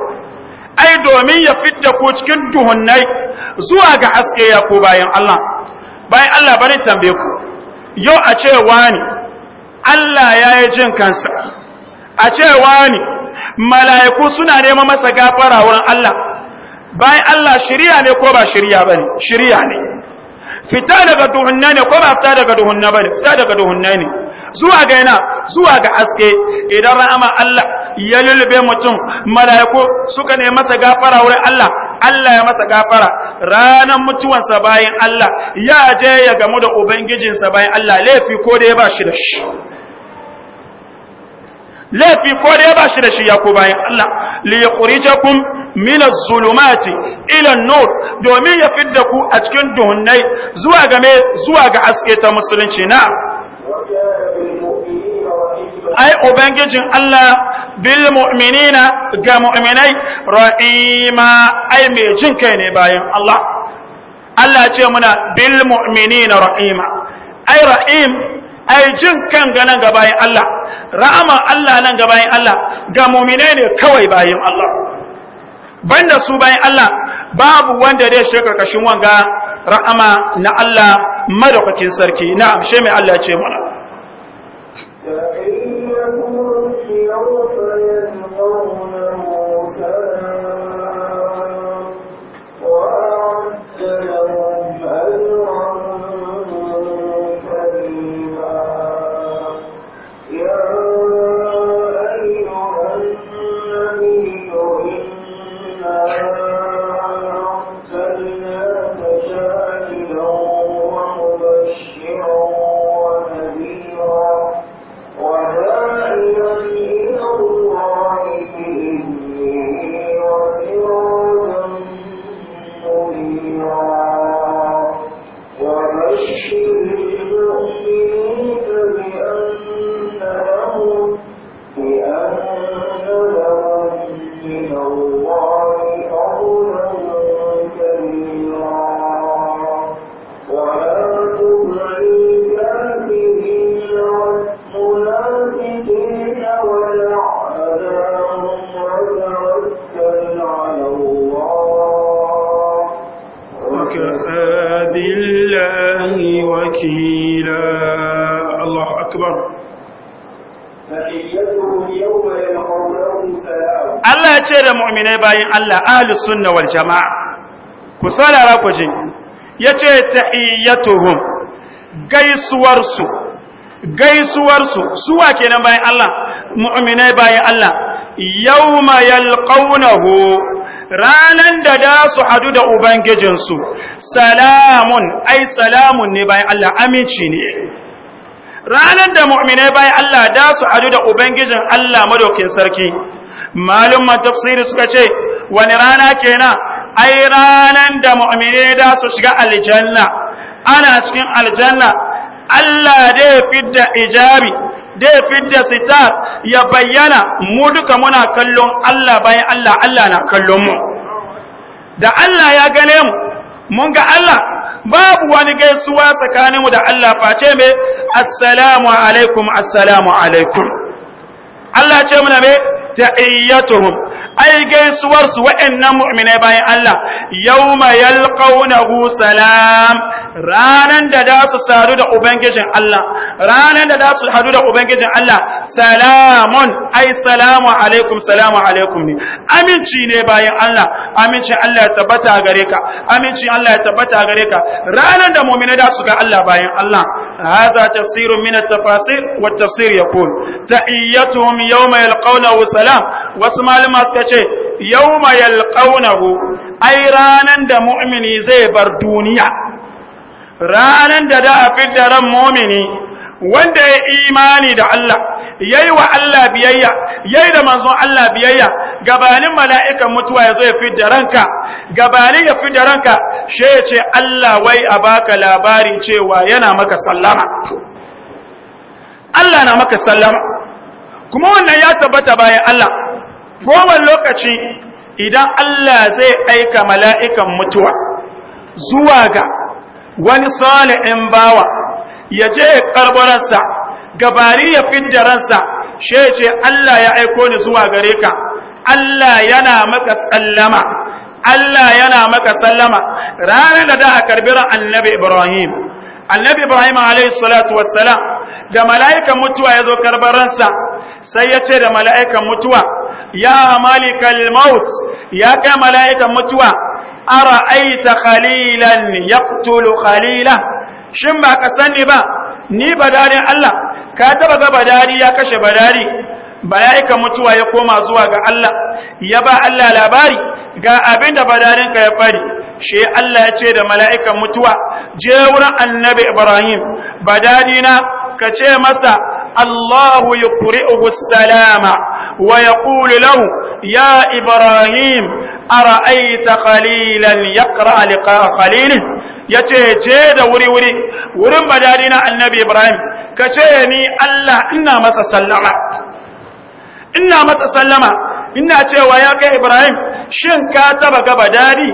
ai domin ya fitta ku cikin duhunnai zuwa ga haske ya ku bayan Allah bayan Allah bari tambaye ku yau a ce wani Allah ya yi jin kansa a ce wani mala'iku suna neman masa gafara wurin Allah bayan Allah shirya ne ko ba shirya ba ne shirya ne fita daga duhunna ne ko ba fita daga duhunna ba ne fita daga duhunna ne zuwa ga yana zuwa ga aske idan ra'ama Allah ya lulube mutum mala'iku suka ne masa gafara wurin Allah Allah ya masa gafara ranar mutuwansa bayan Allah ya je ya gamu da ubangijinsa bayan Allah laifi ko da ya ba shi da shi laifi ko da ya ba shi da shi ya ku bayan Allah li yukhrijakum min az-zulumati ila nur domin ya fidda ku a cikin duhunnai zuwa ga me zuwa ga aske ta musulunci na ai ubangijin Allah bil mu'minina ga mu'minai ra'ima. ai mai jin kai ne bayan Allah Allah ce muna bil mu'minina ra'ima ai ra'im, ai jin kan ga nan ga bayan Allah ra'ama Allah nan ga bayan Allah ga mu'minai ne kawai bayan Allah banda su bayan Allah babu wanda zai shiga karkashin wanga ra'ama na Allah madaukakin sarki na shi mai Allah ce mana. وأعد لهم أجرا Allah ahli sunna wal jamaa ku saurara ku yace tahiyyatuhum gaisuwar su gaisuwar su suwa kenan bayan Allah mu'minai bayan Allah yawma yalqawnahu ranan da da su hadu da ubangijinsu salamun ai salamun ne bayan Allah aminci ne ranan da mu'minai bayan Allah da su hadu da Ubangijin Allah madaukin sarki malumman tafsiri suka ce wani rana kenan ai ranan da mu'mine da su shiga aljanna ana cikin aljanna Allah da ya fidda ijabi da ya fidda sitar ya bayyana mu duka muna kallon Allah bayan Allah Allah na kallon mu da Allah ya gane mu mun ga Allah babu wani gaisuwa tsakaninmu da Allah face me assalamu alaikum assalamu alaikum Allah ce muna me ta'iyyatuhum ai gaisuwar su wa'annan mu'minai bayan Allah yawma yalqawnahu salam ranan da za su sadu da ubangijin Allah ranan da za su hadu da ubangijin Allah salamun ai salamu alaikum salamu alaikum ne aminci ne bayan Allah aminci Allah ya tabbata gare ka aminci Allah ya tabbata gare ka ranan da mu'mina da su ga Allah bayan Allah ya هذا تفسير من التفاسير والتفسير يقول تحيتهم يوم يلقونه سلام واسمع لما سكتشي يوم يلقونه Ai ranan da mu'mini zai bar duniya ranan da da a fidda ran mumini wanda ya imani da Allah yayi wa Allah biyayya yayi da manzon Allah biyayya gabanin mala'ikan mutuwa yazo ya fidda ranka gabanin ya fidda ranka she ya ce Allah wai a baka labarin cewa yana maka sallama Allah na maka sallama kuma wannan ya tabbata bayan Allah goma lokaci idan Allah zai aika mala'ikan mutuwa zuwa ga wani salihin bawa ya je ya karbaransa gabari ya fidda ransa she ce Allah ya aiko ni zuwa gare ka Allah yana maka sallama Allah yana maka sallama ranar da da a karbiran annabi Ibrahim annabi Ibrahim alayhi wassalam da mala'ikan mutuwa ya zo ransa, sai ya ce da mala'ikan mutuwa ya malikal maut ya kai mala'ikan mutuwa ara'aita khalilan yaqtulu khalila shin ba ka sani ba ni badari Allah ka taba ga badari ya kashe badari ba mutuwa ya koma zuwa ga Allah ya ba Allah labari ga abinda badarin ka ya fari she Allah ya ce da mala'ikan mutuwa je wurin annabi Ibrahim badari na ka ce masa الله يقرئه السلام ويقول له يا إبراهيم ara'aita khalilan yaqra liqa khalil yace je da wuri wuri wurin madadi na annabi ibrahim kace ni allah ina masa sallama ina masa sallama ina cewa ya kai ibrahim shin ka taba ga badadi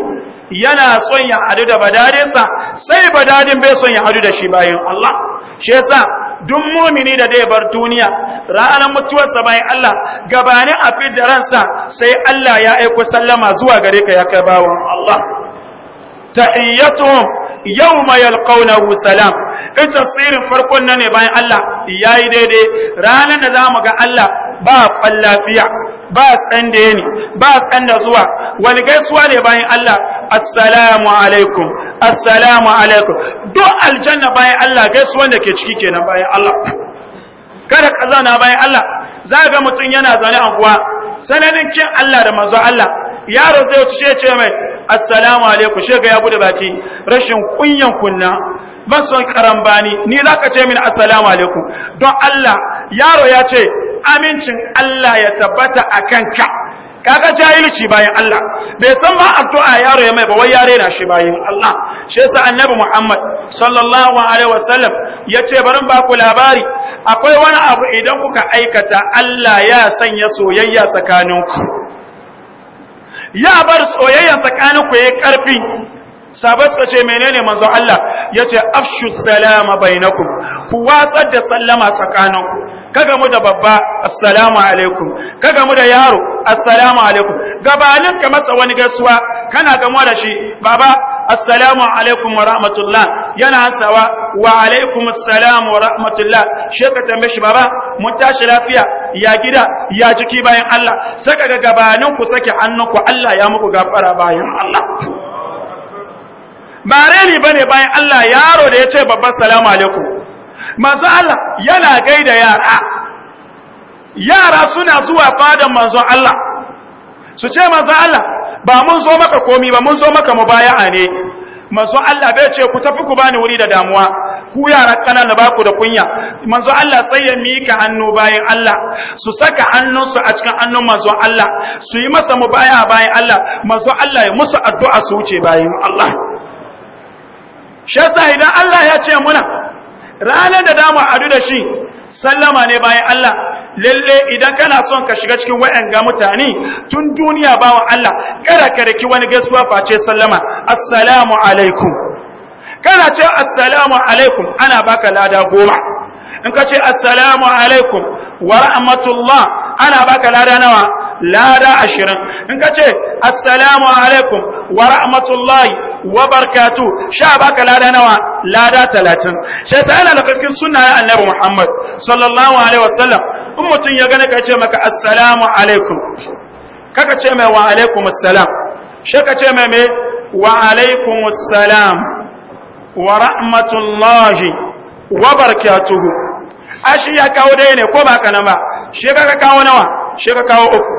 yana son ya hadu da badadinsa, sai badadin bai son ya hadu da shi bayan allah shi yasa duk mumini da zai bar duniya ranar mutuwarsa bayan Allah gabanin a da ransa sai Allah ya aiko sallama zuwa gare ka ya kai bawon Allah tahiyyatuhum yawma yalqawnahu salam in tafsirin farkon nan ne bayan Allah yayi daidai ranar da zamu ga Allah ba kwallafiya ba san da ba san da zuwa wani gaisuwa ne bayan Allah assalamu alaikum assalamu alaikum duk aljanna bayan Allah gaisuwan wanda ke ciki kenan bayan Allah kada ka zana bayan Allah za ga mutum yana zane anguwa sananin kin Allah da manzo Allah yaro zai wuce ce ce mai assalamu alaikum she ga ya bude baki rashin kunyan kunna ban son karambani ni zaka ce min assalamu alaikum don Allah yaro ya ce amincin Allah ya tabbata akan ka kaga jahilci bayan Allah bai san ba addu'a yaro ya mai ba wai yare na shi bayan Allah shi yasa annabi Muhammad sallallahu alaihi wasallam yace barin ba ku labari akwai wani abu idan kuka aikata Allah ya sanya soyayya tsakaninku ya bar soyayya tsakaninku yayi karfi sabai ka ce menene manzo Allah yace afshu salama bainakum ku watsar da sallama tsakaninku kaga mu da babba assalamu alaikum kaga mu da yaro assalamu alaikum gabanin ka matsa wani gaisuwa kana gamuwa da shi baba assalamu alaikum wa rahmatullah yana ansawa wa alaikum assalam wa rahmatullah shi ka tambaye shi baba mun tashi lafiya ya gida ya jiki bayan Allah saka ga gabanin ku sake hannunku Allah ya muku gafara bayan Allah ba reni bane bayan Allah yaro da ya ce babban salamu alaikum manzo Allah yana gaida yara yara suna zuwa fadan manzo Allah su ce manzo Allah ba mun zo maka komi ba mun zo maka mubaya'a ne manzo Allah bai ce ku tafi ku bani wuri da damuwa ku yara kanana ba ku da kunya manzo Allah sai ya mika hannu bayan Allah su saka hannunsu a cikin hannun manzo Allah su yi masa mubaya'a bayan Allah manzo Allah ya musu addu'a su wuce bayan Allah shasa idan Allah ya ce muna ranar da damu adu da shi sallama ne bayan Allah lalle idan kana son ka shiga cikin waɗanga mutane tun duniya bawa Allah kada ka riki wani gaisuwa face sallama assalamu alaikum kana ce assalamu alaikum ana baka lada goma in ka ce assalamu alaikum wa rahmatullah ana baka lada nawa lada ashirin in ka ce assalamu alaikum wa rahmatullahi wa barkatu sha baka lada nawa lada talatin shaitana da kafin suna ya annabi muhammad sallallahu alaihi wasallam in mutum ya gane ka ce maka assalamu alaikum kaka ce mai wa alaikum assalam shi ka ce mai wa alaikum assalam wa rahmatullahi wa barakatuhu ashi ya kawo dai ne ko ba nan ba shi ka kawo nawa shi ka kawo uku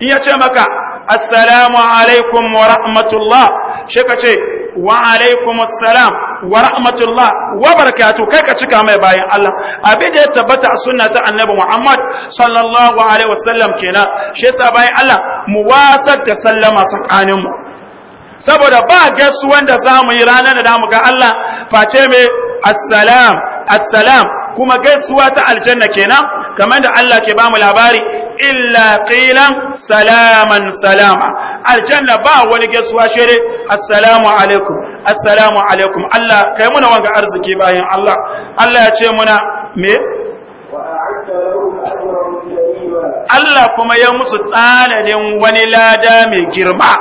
in ya ce maka assalamu alaikum wa rahmatullahi shi ka ce wa alaikumussalam wa rahmatullah wa barakatuh kai ka cika mai bayan Allah abin da ya tabbata a sunna ta annabi Muhammad sallallahu alaihi wasallam kenan shi yasa bayan Allah mu wasa da sallama tsakanin mu saboda ba gaisuwan da za mu yi ranar da mu ga Allah face mai assalam assalam kuma gaisuwa ta aljanna kenan kamar da Allah ke bamu labari illa qilan salaman salama aljanna ba wani gaisuwa shere assalamu alaikum assalamu alaikum Allah kai muna wanga arziki bayan Allah Allah ya ce muna me Allah kuma ya musu tsananin wani lada mai girma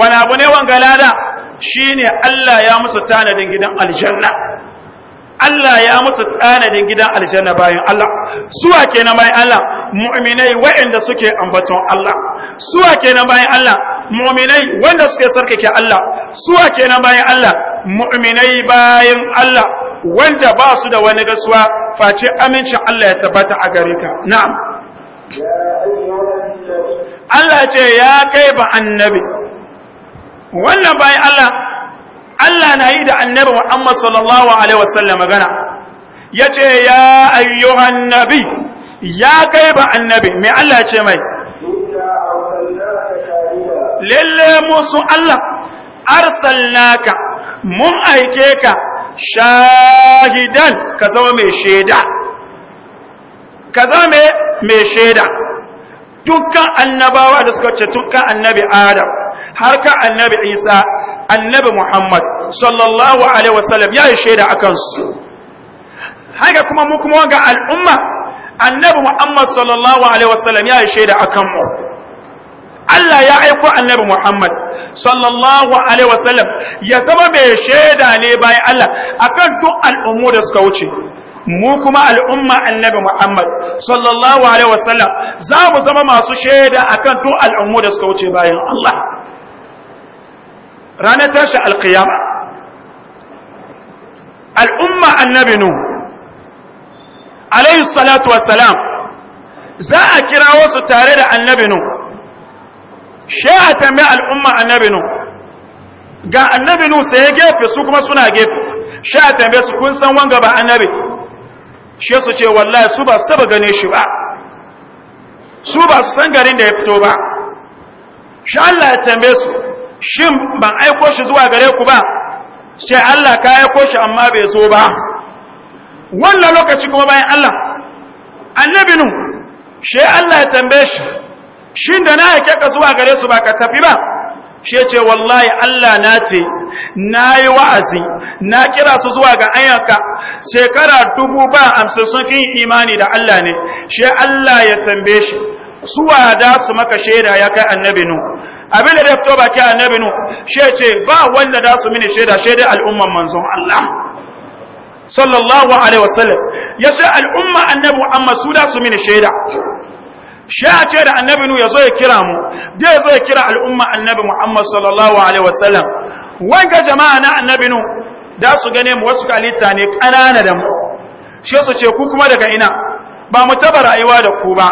wani abu ne wanga lada shine Allah ya musu tanadin gidan aljanna Allah ya musu tsanadin gidan aljanna bayan Allah suwa kenan bayan Allah mu'minai waɗanda suke ambaton Allah suwa kenan bayan Allah mu'minai wanda suke sarkake Allah suwa kenan bayan Allah mu'minai bayan Allah wanda ba su da wani gasuwa face amincin Allah ya tabbata a gare ka na'am Allah ce ya kai ba annabi wannan bayan Allah Allah na yi da annabi Muhammad sallallahu alaihi wasallam magana yace ya ayyuhan nabi ya kai ba annabi me Allah ce mai lalle musu Allah arsalnaka mun aike ka shahidan ka zama mai shaida ka zama mai shaida dukkan annabawa da suka ce dukkan annabi Adam har ka annabi Isa annabi Muhammad sallallahu alaihi wasallam ya yi shaida akan su haka kuma mu kuma ga al'umma annabi Muhammad sallallahu alaihi wasallam ya yi shaida akan mu Allah ya aiko annabi Muhammad sallallahu alaihi wasallam ya zama mai shaida ne bayan Allah akan duk al'ummu da suka wuce mu kuma al'umma annabi Muhammad sallallahu alaihi wasallam za mu zama masu shaida akan duk al'ummu da suka wuce bayan Allah ranar tashi alkiyama al'umma annabi nu alayhi salatu wassalam za a kira wasu tare da annabi nu shi a tambayi al'umma annabi nu ga annabi nu sai gefe su kuma suna gefe shi a tambaye su kun san wanga ba annabi shi su ce wallahi su ba su taba gane shi ba su ba su san garin da ya fito ba shi Allah ya tambaye su shin ban aiko shi zuwa gare ku ba sai Allah ka aiko shi amma bai zo ba wannan lokaci kuma bayan Allah annabi shi Allah ya tambaye shi shin da na aike ka zuwa gare su ba ka tafi ba shi ce wallahi Allah na ce na yi wa'azi na kira su zuwa ga ayyaka shekara dubu ba amsar sun kin imani da Allah ne shi Allah ya tambaye shi suwa da su maka shaida ya kai annabi nu abin da ya fito baki annabi nu shi ce ba wanda da su mini shaida shaida al'umman manzon Allah sallallahu alaihi wasallam ce al'umma annabi Muhammad su da su mini shaida shi a ce da annabi nu zo ya kira mu da yazo ya kira al'umma annabi Muhammad sallallahu alaihi wasallam wanga jama'a na annabi nu da su gane mu wasu kalita ne kanana da mu shi su ce ku kuma daga ina ba mu taba rayuwa da ku ba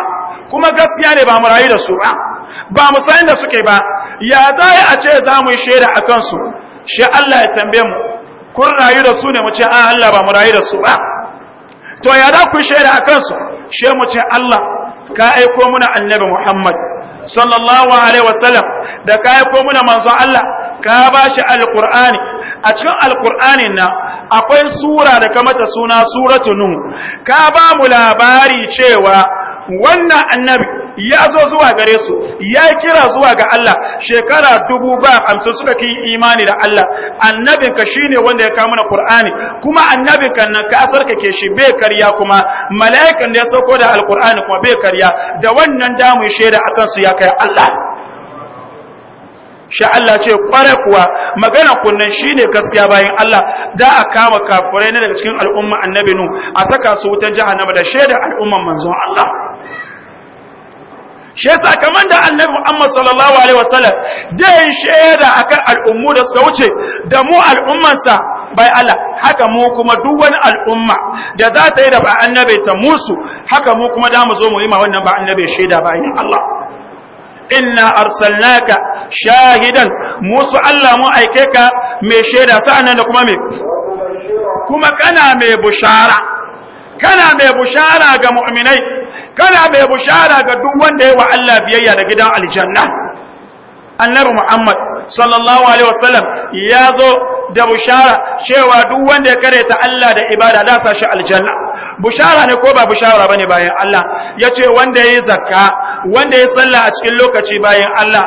kuma gaskiya ne ba mu rayu da su ba ba mu san da suke ba ya zai a ce za mu yi shaida a kansu shi Allah ya tambaye mu kun rayu da su ne mu ce a Allah ba mu rayu da su ba to ya za ku shaida a kansu shi mu ce Allah ka aiko muna annabi Muhammad sallallahu alaihi wasallam da ka aiko muna manzo Allah ka ba shi alqur'ani a cikin alqur'anin na akwai sura da kamata suna suratu nun ka ba mu labari cewa wannan annabi ya zo zuwa gare su ya kira zuwa ga Allah shekara dubu ba hamsin suka ki imani da Allah annabinka shine wanda ya kawo mana Qur'ani kuma annabinka nan ka asarka ke shi bai karya kuma mala'ikan da ya sauko da alqur'ani kuma bai karya da wannan damu shaida akan su ya kai Allah sha Allah ce kware kuwa magana kunnan shine gaskiya bayan Allah da a kama kafurai ne daga cikin al'umma annabi nu a saka su wutar jahannama da shaida al'umman manzon Allah shi yasa kamar da annabi Muhammad sallallahu alaihi wasallam dan shaida akan al'ummu da suka wuce da mu al'ummansa bai Allah haka mu kuma duk wani al'umma da za ta yi da ba annabi ta musu haka mu kuma da mu zo mu yi ma wannan ba annabi shaida bayan Allah inna arsalnaka shahidan musu Allah mu aike ka mai shaida sa'annan da kuma me kuma kana mai bushara kana mai bushara ga mu'minai kana mai bushara ga duk wanda yayi wa Allah biyayya da gidan aljanna annabi Muhammad sallallahu alaihi wasallam ya zo da bushara cewa duk wanda ya kareta Allah da ibada da sa shi aljanna bushara ne ko ba bushara bane bayan Allah yace wanda yayi zakka wanda ya salla a cikin lokaci bayan Allah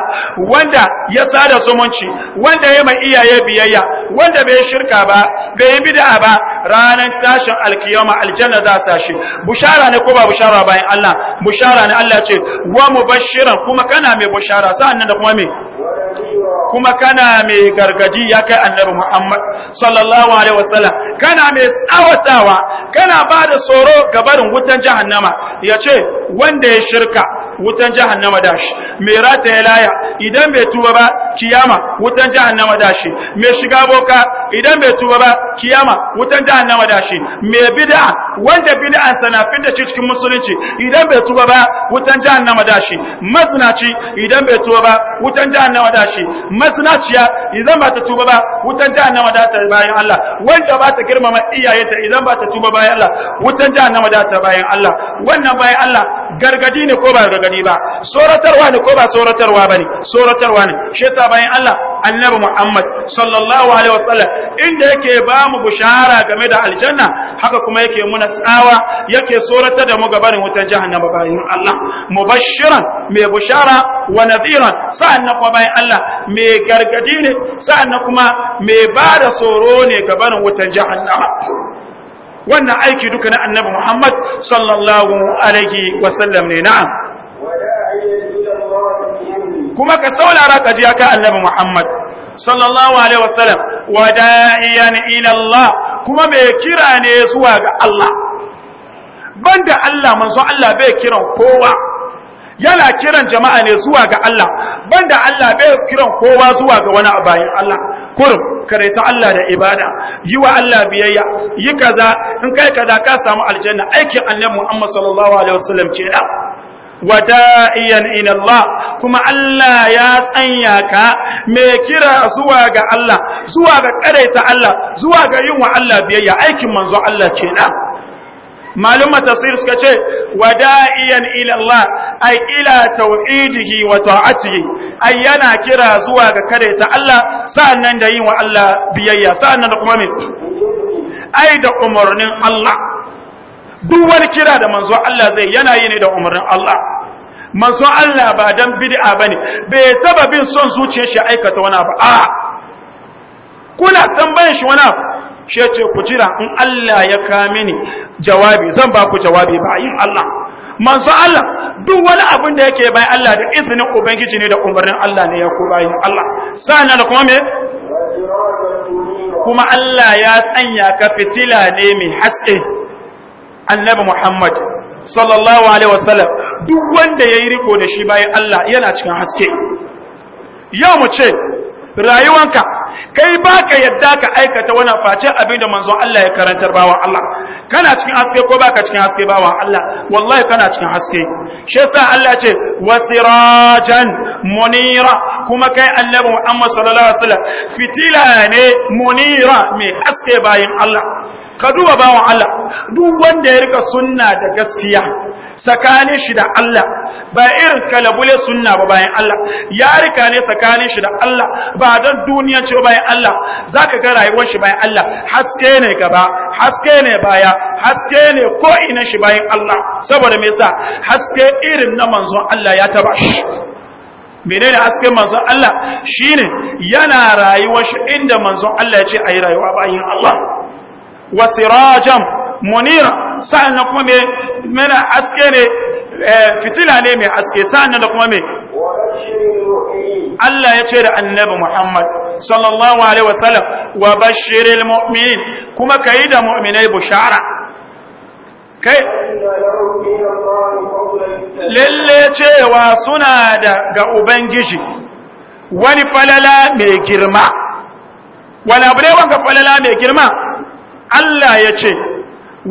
wanda ya sada zumunci wanda ya mai iyaye biyayya wanda bai shirka ba bai yi bid'a ba ranar tashin alkiyama aljanna za sa shi bushara ne ko ba bushara bayan Allah bushara ne Allah ce wa mubashiran kuma kana mai bushara sa'annan da kuma mai kuma kana mai gargaji ya kai annabi Muhammad sallallahu alaihi wasallam kana mai tsawatawa kana ba da tsoro ga barin wutan jahannama ya ce wanda ya shirka wutan jahannama dashi mai rataya laya idan bai tuba ba kiyama wutan jahannama dashi mai shiga boka idan bai tuba ba kiyama wutan jahannama dashi mai bid'a wanda bid'an sana fidda da cikin musulunci idan bai tuba ba wutan jahannama dashi masnaci idan bai tuba ba wutan jahannama dashi masnaciya idan ba ta tuba ba wutan jahannama da ta bayan Allah wanda ba ta girmama iyayenta idan ba ta tuba bayan Allah wutan jahannama da ta bayan Allah wannan bayan Allah gargadi ne ko ba gargadi ba soratarwa ne ko ba soratarwa bane soratarwa ne shi yasa bayan Allah annabi Muhammad sallallahu alaihi wasallam inda yake ba mu bushara game da aljanna haka kuma yake muna tsawa yake soratar da mu gabanin wutar jahannama bayan Allah mubashiran mai bushara wa nadhiran sa'anna kuma bayan Allah mai gargadi ne sa'anna kuma mai bada soro tsoro ne gabanin wutar jahannama wannan aiki duka na annabi Muhammad sallallahu alaihi wasallam ne na'am kuma ka saurara ka ji aka annabi Muhammad sallallahu alaihi wasallam wada'iyan ila Allah kuma me kira ne zuwa ga Allah banda Allah manzo Allah bai kiran kowa yana kiran jama'a ne zuwa ga Allah banda Allah bai kiran kowa zuwa ga wani abayin Allah kurum karaita Allah da ibada yi wa Allah biyayya yi kaza in kai kaza ka samu aljanna aikin annabi Muhammad sallallahu alaihi wasallam kenan wada'iyan ila Allah kuma Allah ya tsanya ka me kira zuwa ga Allah zuwa ga karaita Allah zuwa ga yin wa Allah biyayya aikin manzon Allah kenan maluma tafsir suka ce wada'iyan ila Allah ay ila tauhidihi wa ta'atihi ay yana kira zuwa ga ta Allah sa'annan da yin wa Allah biyayya sa'annan da kuma me ai da umarnin Allah duk wani kira da manzo Allah zai yana yi ne da umarnin Allah manzo Allah ba dan bid'a bane bai taba bin son zuciyar shi aikata wani abu a kuna tambayar shi wani abu shi ce ku jira in Allah ya ka mini jawabi zan ba ku jawabi ba yin Allah manzo Allah duk wani abin da yake bai Allah da izinin ubangiji ne da umarnin Allah ne ya ku bayin Allah sana da kuma me kuma Allah ya tsanya ka fitila ne mai haske annabi Muhammad sallallahu alaihi wasallam duk wanda yayi riko da shi bayan Allah yana cikin haske yau mu ce rayuwanka kai baka yadda ka aikata wani face abin da manzon Allah ya karantar bawa Allah kana cikin haske ko baka cikin haske bawa Allah wallahi kana cikin haske shi yasa Allah ce wasirajan munira kuma kai annabi Muhammad sallallahu alaihi wasallam fitila ne munira mai haske bayin Allah ka duba bawan Allah duk wanda ya rika sunna da gaskiya tsakanin shi da Allah ba irin kalabule sunna ba bayan Allah ya rika ne tsakanin shi da Allah ba don duniya ce bayan Allah za ka ga rayuwar shi bayan Allah haske ne gaba haske ne baya haske ne ko ina shi bayan Allah saboda me yasa haske irin na manzon Allah ya taba shi menene hasken manzon Allah shine yana rayuwar shi inda manzon Allah ya ce ayi rayuwa bayan Allah wa sirajan munira nan kuma me mana aske ne eh, fitila ne mai aske nan da kuma me Allah ya ce da annabi Muhammad sallallahu alaihi wasallam wa bashiril mu'minin kuma kai da mu'minai bushara kai lalle cewa suna da ga ubangiji wani falala mai girma wani abu ne wanka falala mai girma Allah ya ce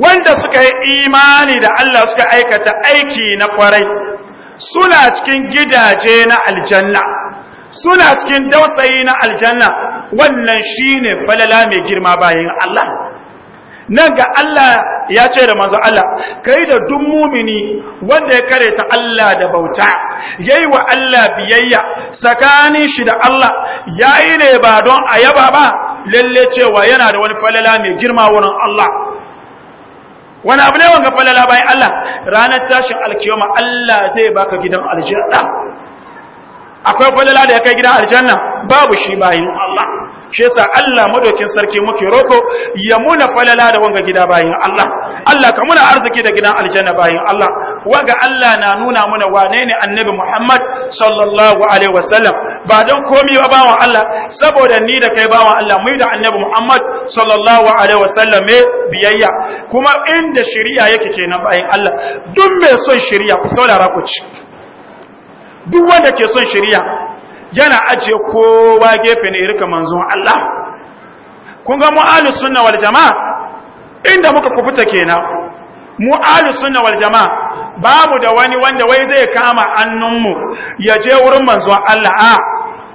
wanda suka yi imani da Allah suka aikata aiki na kwarai suna cikin gidaje na aljanna suna cikin dausayi na aljanna wannan shine falala mai girma bayan Allah nan ga Allah ya ce da manzo Allah kai da duk mumini wanda ya kare ta Allah da bauta yayi wa Allah biyayya tsakanin shi da Allah yayi ne ba don a yaba ba lalle cewa yana da wani falala mai girma wurin Allah wani abu ne wanga falala bayan Allah ranar tashin alkiyama Allah zai baka gidan aljanna akwai falala da ya kai gidan aljanna babu shi bayan Allah shi yasa Allah madokin sarki muke roko ya muna falala da wanga gida bayan Allah Allah ka muna arziki da gidan aljanna bayan Allah waga Allah na nuna mana, wane ne annabi Muhammad sallallahu alaihi wasallam ba don komi ba bawan Allah saboda ni da kai bawan Allah mu da annabi Muhammad sallallahu alaihi wasallam me biyayya kuma inda shari'a yake kenan bayan Allah duk mai son shari'a ku saurara ku ci duk wanda ke son shari'a yana ajiye kowa gefe ne rika manzon Allah kun ga mu ahlus sunna wal jamaa inda muka kufuta kenan mu ahlus sunna wal jamaa babu da wani wanda wai zai kama annunmu ya je wurin manzo Allah a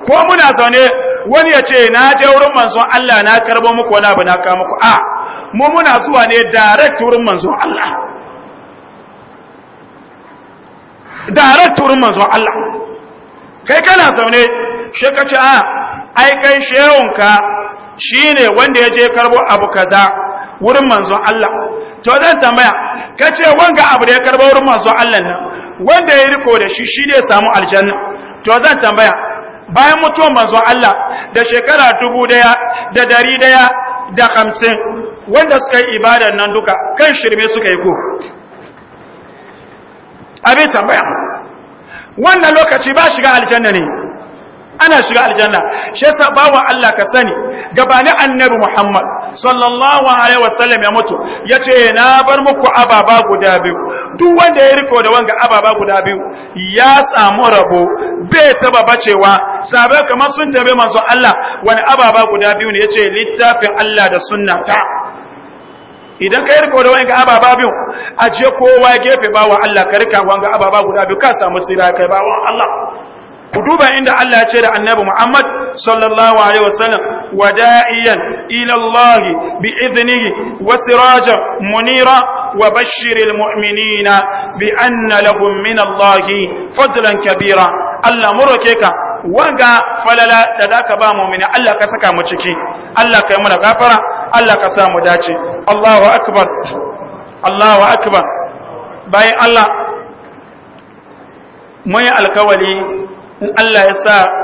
ko muna zaune wani ya ce na je wurin manzo Allah na karbo muku wani abu na kawo muku a mu muna zuwa ne direct wurin manzo Allah direct wurin manzo Allah kai kana zaune shi ka ce a ai kai shehunka shine wanda ya je karbo abu kaza wurin manzo Allah to zan tambaya ka ce wanga abu da ya karba wurin masu Allah nan wanda ya riko da shi shi ne samu aljanna to zan tambaya bayan mutuwan manzo Allah da shekara dubu daya da dari daya da hamsin wanda suka yi ibadan nan duka kan shirme suka yi ko abin tambaya wannan lokaci ba shiga aljanna ne ana shiga aljanna shi yasa bawa Allah ka sani gabani annabi Muhammad sallallahu alaihi wasallam ya mutu yace na bar muku ababa guda biyu duk wanda ya riko da wanga ababa guda biyu ya samu rabo bai taba bacewa sabai kamar sun tabe manzo Allah wani ababa guda biyu ne yace littafin Allah da ta idan ka yi riko da wanga ababa biyu aje kowa gefe bawa Allah ka rika wanga ababa guda biyu ka samu sira kai bawa Allah ku duba inda Allah ya ce da annabi Muhammad sallallahu alaihi wasallam wada'iyan ila Allah bi idnihi wa sirajan munira wa bashiril mu'minina bi anna lahum min Allah fadlan kabira Allah muroke ka wanga falala da zaka ba mumini Allah ka saka mu ciki Allah kai mana gafara Allah ka sa mu dace Allahu akbar Allahu akbar bayan Allah mun yi alkawali in Allah ya sa